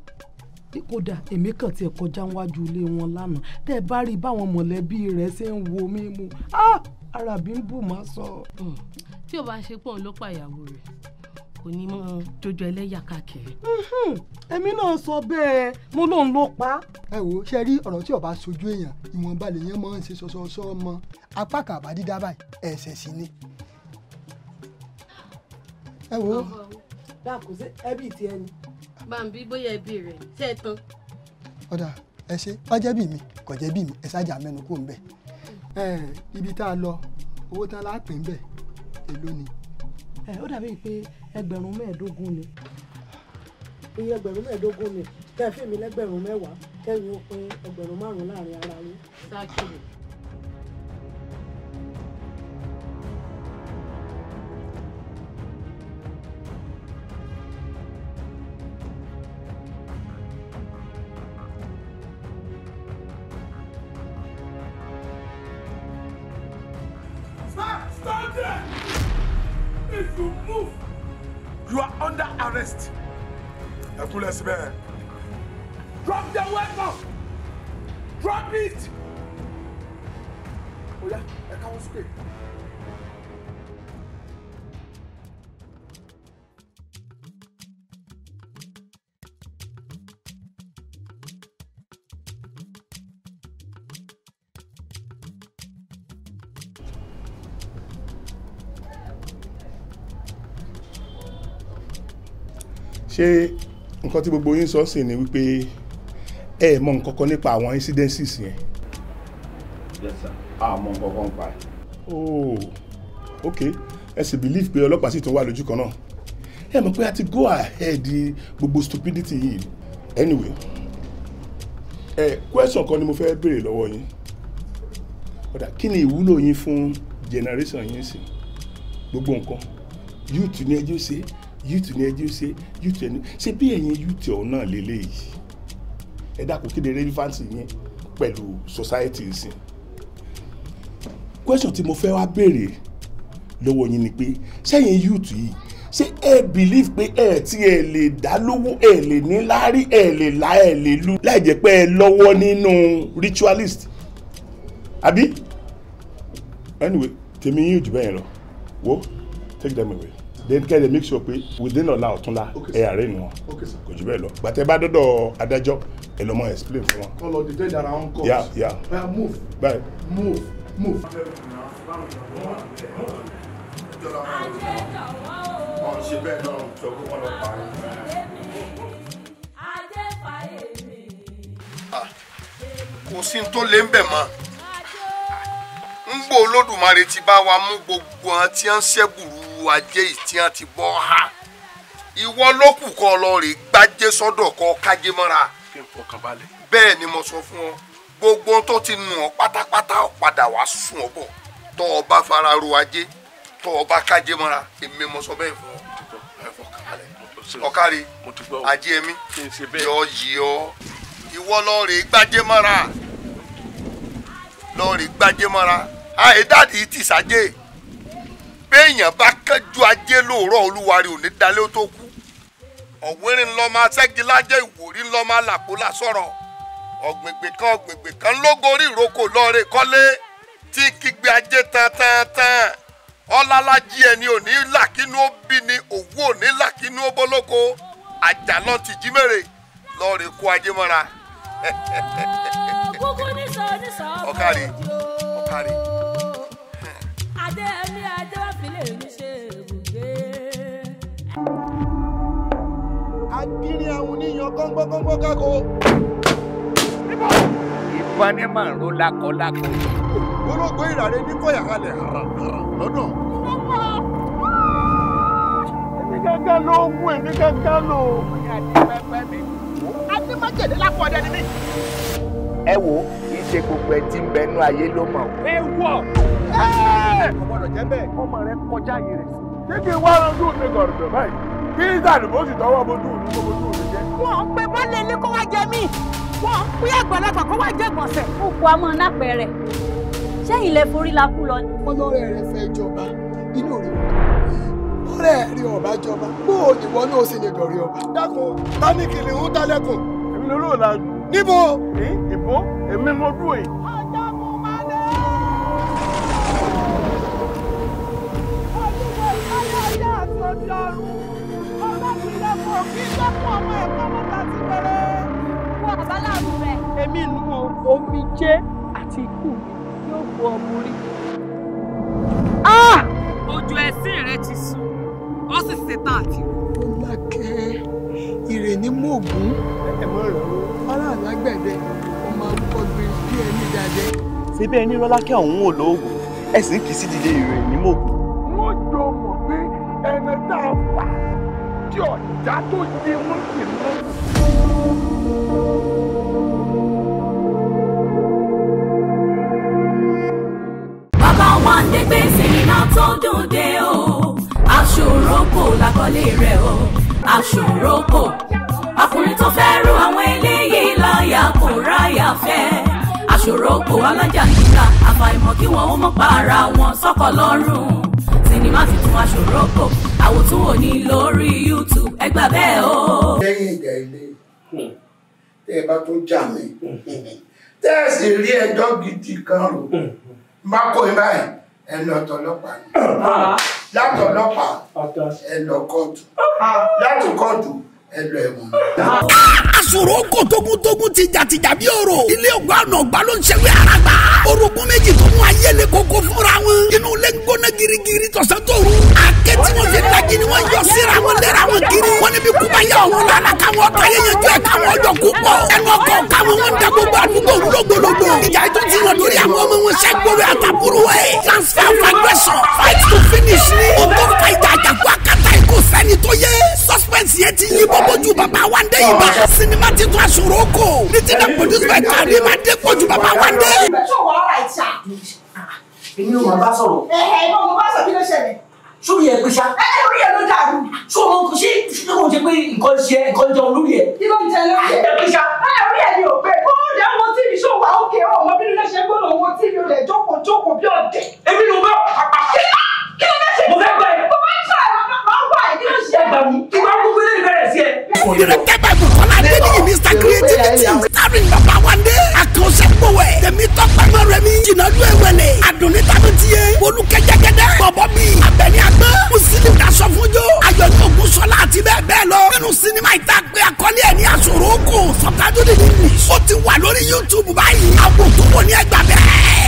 kódà èmi kàn tiẹ̀ kọjá níwájú ilé wọn lánàá tẹ́ ẹ bá rí báwọn mọ̀lẹ́bí rẹ̀ ṣe ń wo mí mu ah! ara bí ń bù má sọ. Hmm. tí o bá ṣe pọ̀ ló pa ìyàwó rẹ̀ kò ní mọ jójó ẹlẹ́yà káàkiri. ẹ̀mí náà sọ bẹ́ẹ̀ mo lóun ló pa. ẹ wo ṣe rí ọ̀rọ̀ tí ọba sojú èèyàn ìwọ̀nba lèèyàn máa ń ṣe sọ́sọ́sọ́ ọmọ apá kan àbá dídá báyìí ẹ̀ṣẹ̀ sí ni. ẹ wo. dákun sí ẹbí ti ẹni. bàǹbí bóyá ẹbí rẹ̀ ṣe é tán. ọ̀dà ẹ ṣe ọjẹ́bí mi kọ̀jẹ́bí mi ẹ ṣáàjà mẹ́nu kó ń bẹ̀. ibi tá a lọ owó tán láàpín bẹ̀ èló ni. ó dàbí pé ẹgbẹ̀rún mẹ́ẹ̀ẹ́dógún ni iye ẹgbẹ̀rún mẹ́ẹ̀ẹ́dógún ni kẹ́ fèmí lẹ́gbẹ̀rún mẹ́wàá kẹ́yìn ó pín ẹgbẹ̀rún márùn-ún láàrin ara yín. nǹkan tí gbogbo yín sọ sí ni wípé ẹ ẹ mọ nǹkan kan nípa àwọn incidences yẹn. yes sir a mọ nǹkan kan pa ẹ. oh ok ẹ sì believe pé ọlọ́pàá sì tún wà lójú kan náà ẹ mọ̀ pé a ti go ahead gbogbo stupidity yìí anyway ẹ question kan ni mo fẹ́ béèrè lọ́wọ́ yín ọ̀dà kí ni ìwúlò yín fún generation yín sí gbogbo nǹkan youth ni ẹjọ́ ṣe youth ni ẹjẹ ṣe youth ẹni ṣe bí ẹ̀yin youth ọ̀hún náà lélẹ́yìí ẹ dákun kéde relevancy yẹn pẹ̀lú society ìsìn question tí mo fẹ́ wá béèrè lọ́wọ́ yín ni pé sẹ́yìn youth yìí ṣé ẹ believe pé ẹ tí ẹ lè dá lówó ẹ lè ní láárí ẹ lè lá ẹ lè lu láì jẹ́ pé ẹ lọ́wọ́ nínú ritualist àbí anyway tèmi yín jù bẹ́ẹ̀ lọ wo take them away then kẹ́lẹ̀ make sure pé within ọ̀la ọ̀túnla ẹ àárẹ̀ nù wọn kò jù bẹ́ẹ̀ lọ gbàtẹ́ bá dọ́dọ̀ adájọ́ ẹ lọ́mọ explain fún wọn. kọ́ lọ dìde dára wọn kọ́ yeah yeah move bye move move. ṣe bẹ́ẹ̀ náà sọ pé wọ́n lọ parí. Ah, kò sí tó lé ń bẹ̀ mọ́ ń gbọ́ Olódùmarè ti bá wa mú gbogbo àwọn tí wọ́n ń ṣẹ́gbùrú olúwa jẹ́ tí wọ́n ti bọ́ ha ìwọ ló kù kọ́ lọ rè gbájẹ́ kájé mọ́ra bẹ́ẹ̀ ni mo sọ fún ọ gbogbo tó ti nù ọ pátápátá padà wá sùn ọ bọ̀ tọ́ ọ bá fara ro ajé tọ́ ọ bá kájé mọ́ra èmi mo sọ bẹ́ẹ̀ fún ọ ọ̀kárí ajé mi yọ yí ìwọ lọ rè gbájé mọ́ra lọ rè gbájé mọ́ra àìdáàdì tìṣàjẹ́. béèyàn bá kánjú ajé lóòrọ̀ olúwarí òní dalẹ́ tó kú ọ̀wérin ńlọ máa lájẹ́ ìwòrí ńlọ máa lásọ̀rọ̀ ọ̀gbìngbè kan ọ̀gbìngbè kan lógorí ìrókò lọ́ọ̀rẹ́ kọ́lé tí kígbe ajé tantantan ọ̀làlájí ẹni òní làkínú ni òwú òní làkínú àjàlọ́ ti jí mèrè lọ́ọ̀rẹ́ kó ajé mọ́ra àgbìnrin àwọn oníyan kọ́ńgbọ́kọ́ńgbọ́ kákó. ìfanimàró lakọlakọ. olóògbé ìràrẹ ní kọyàkalẹ̀ haramharam lọ́dọ̀. èmi gángan ló ń mú èmi gángan lò. adé má jẹ̀dẹ́ lápò ọdẹ ni mí. ẹ wo kì gbogbo ẹ tí ń bẹ ayé ló mọ. ẹ wọ. ọmọ rẹ kọjá yìí rẹ. ṣé kí n wá gọ̀rọ̀dọ̀ báyìí kí ìdàlùbọ́sì tọwọ́ bojú òní kó bojú òní jẹ́. wọ́n ń pe bọ́ọ̀lù ilé kó wá jẹ mí wọ́n ń pín àgbàlagbà kó wá jẹ gbọ̀nsẹ̀. ó kó a máa nápẹ̀rẹ̀ sẹ́yìn forí la kú lọ ni. ọlọ́rẹ̀ rẹ fẹ́ jọba inú rẹ ọ̀rẹ́ rí ọba jọba bó o ìwọ náà sì lè dọ̀rí ọba. dákun bá ní kìnìún èmi ló lóò lajú. níbo. ìbò èmi mo dùn èyí. Yahoo! kò kí jẹ́ fún ọmọ ẹ̀kọ́ mọ́ láti bẹ̀rẹ̀. wọ àbálàrú rẹ. èmi nu omijé àti ikú mi yóò bu ọmọ orí. ojú ẹ̀sìn rẹ ti sùn ó sì ṣetán àti. ó lákẹ́ ìrè ní mògùn. ẹ mọ rẹ o. fara alágbẹ̀dẹ ọmọ akọgbẹ bí ẹni dàdẹ. ṣebí ẹni rọlákẹ́ ọ̀hún ò lóògùn ẹ sì ń ìrè ní mògùn. wọ́n jọ mọ̀ pé ẹni tá a fà tí ọ̀dá tó yẹ mú sí mú. bàbá wa ń dé gbé sinimá tó dùn dé o aṣòro kò lákọlé rẹ̀ o aṣòro kò ọkùnrin tó fẹ́ ru àwọn eléyìí láyà kò ráyà fẹ́ aṣòro kò alájà níta àfàìmọ̀ kí wọ́n ó mọ̀ pa ara wọn sọ́kọ̀ lọ́rùn sinimá fi tún aṣọ rọ́pò àwòtún òní lórí YouTube ẹ bẹ́ẹ̀ o. lẹ́yìn ìgbà ilé tẹ́ ẹ bá tó jà mí tẹ́ ẹ sì rí ẹjọ́ gidi kan rò má kó yín báyìí ẹ lọ tọlọ́pàá látọlọ́pàá ẹ lọ kóòtù látọkóòtù ẹlò ẹ̀wọ̀n. àṣòro kò tógúntógún ti jàtìjà bí ọ̀rọ̀ ilé ògbà ọ̀nà ọ̀gbà ló ń ṣe wí orogún méjì tó mú ayẹlẹ koko fúnra wọn inú ilé ń gbóná girigiri tọ̀sán tóru àkẹ́ tí wọ́n fi tají ni wọ́n yọ síra wọn lẹ́ra wọn kiri wọ́n níbi kúba yà lọ́la káwọn ọ̀tọ̀ ayé yanjú ẹ̀ káwọn ọjọ́ kú pọ̀ ẹnu ọkọ̀ káwọn wọn da gbogbo àdúgbò rúdògbòdògbò ìjà ètò tí wọn lórí àwọn ọmọ wọn ṣàgbọ́wé àtàkùrù ẹ̀ transfer aggression fight to finish ni o tó kò sẹ́ni tó yé suspense yẹn ti yí bọ́bọ́jú bàbá wáńdé yìí bá sinimá ti tún aṣòro kò ní ti dẹ́ produce by kari máa dé kojú bàbá wáńdé. Ah, èmi ò máa bá sọ̀rọ̀. ẹ ẹ ìbọn mo bá sọ kí ló ṣẹlẹ̀. sórí ẹ pèsè. ẹ ẹ lórí ẹ ló dàrú. sọ wọn kò sí ṣé kò ṣe pé nǹkan ṣe ẹ nǹkan jẹun lórí ẹ. kí ló ń jẹ lórí ẹ pèsè. ẹ lórí ẹ ni ò pé kó o dẹ̀ wọ́n tí mi ṣó wà ọmọ bí ló ṣe gbọ́dọ̀ wọ́n tí jókòó jókòó bí ọ̀dẹ̀. èmi ló bá kí ló fẹ́ ṣe. mo fẹ́ gbẹ kí ló ṣe ẹgbàá mi kí wọ́n gbogbo ilé ìbẹ̀rẹ̀ sí ẹ. olùdókè bàbá kọ́lá adébíyì mr creativity starring bàbá wande akọ́ṣẹ́gbọ̀wẹ̀ tèmi tọ́pẹ́ mọ́rẹ́mí jìnnàdú ẹ̀wẹ̀lẹ̀ àdùnní tàbí tiẹ̀ olùkẹ́jẹ́gẹ́dẹ́ bọ̀bọ̀ bí abẹ́ni àgbẹ̀ musiliu daṣọ fúnjó ayọ̀dún ògúnṣọlá àti bẹ́ẹ̀ bẹ́ẹ̀ lọ nínú sinimá ìta pé akọ́lé ẹ̀ ní àṣòro kò subtitled in English ó ti wà lórí YouTube báyìí àbùkù kò ní ẹgbàá bẹ́ẹ̀.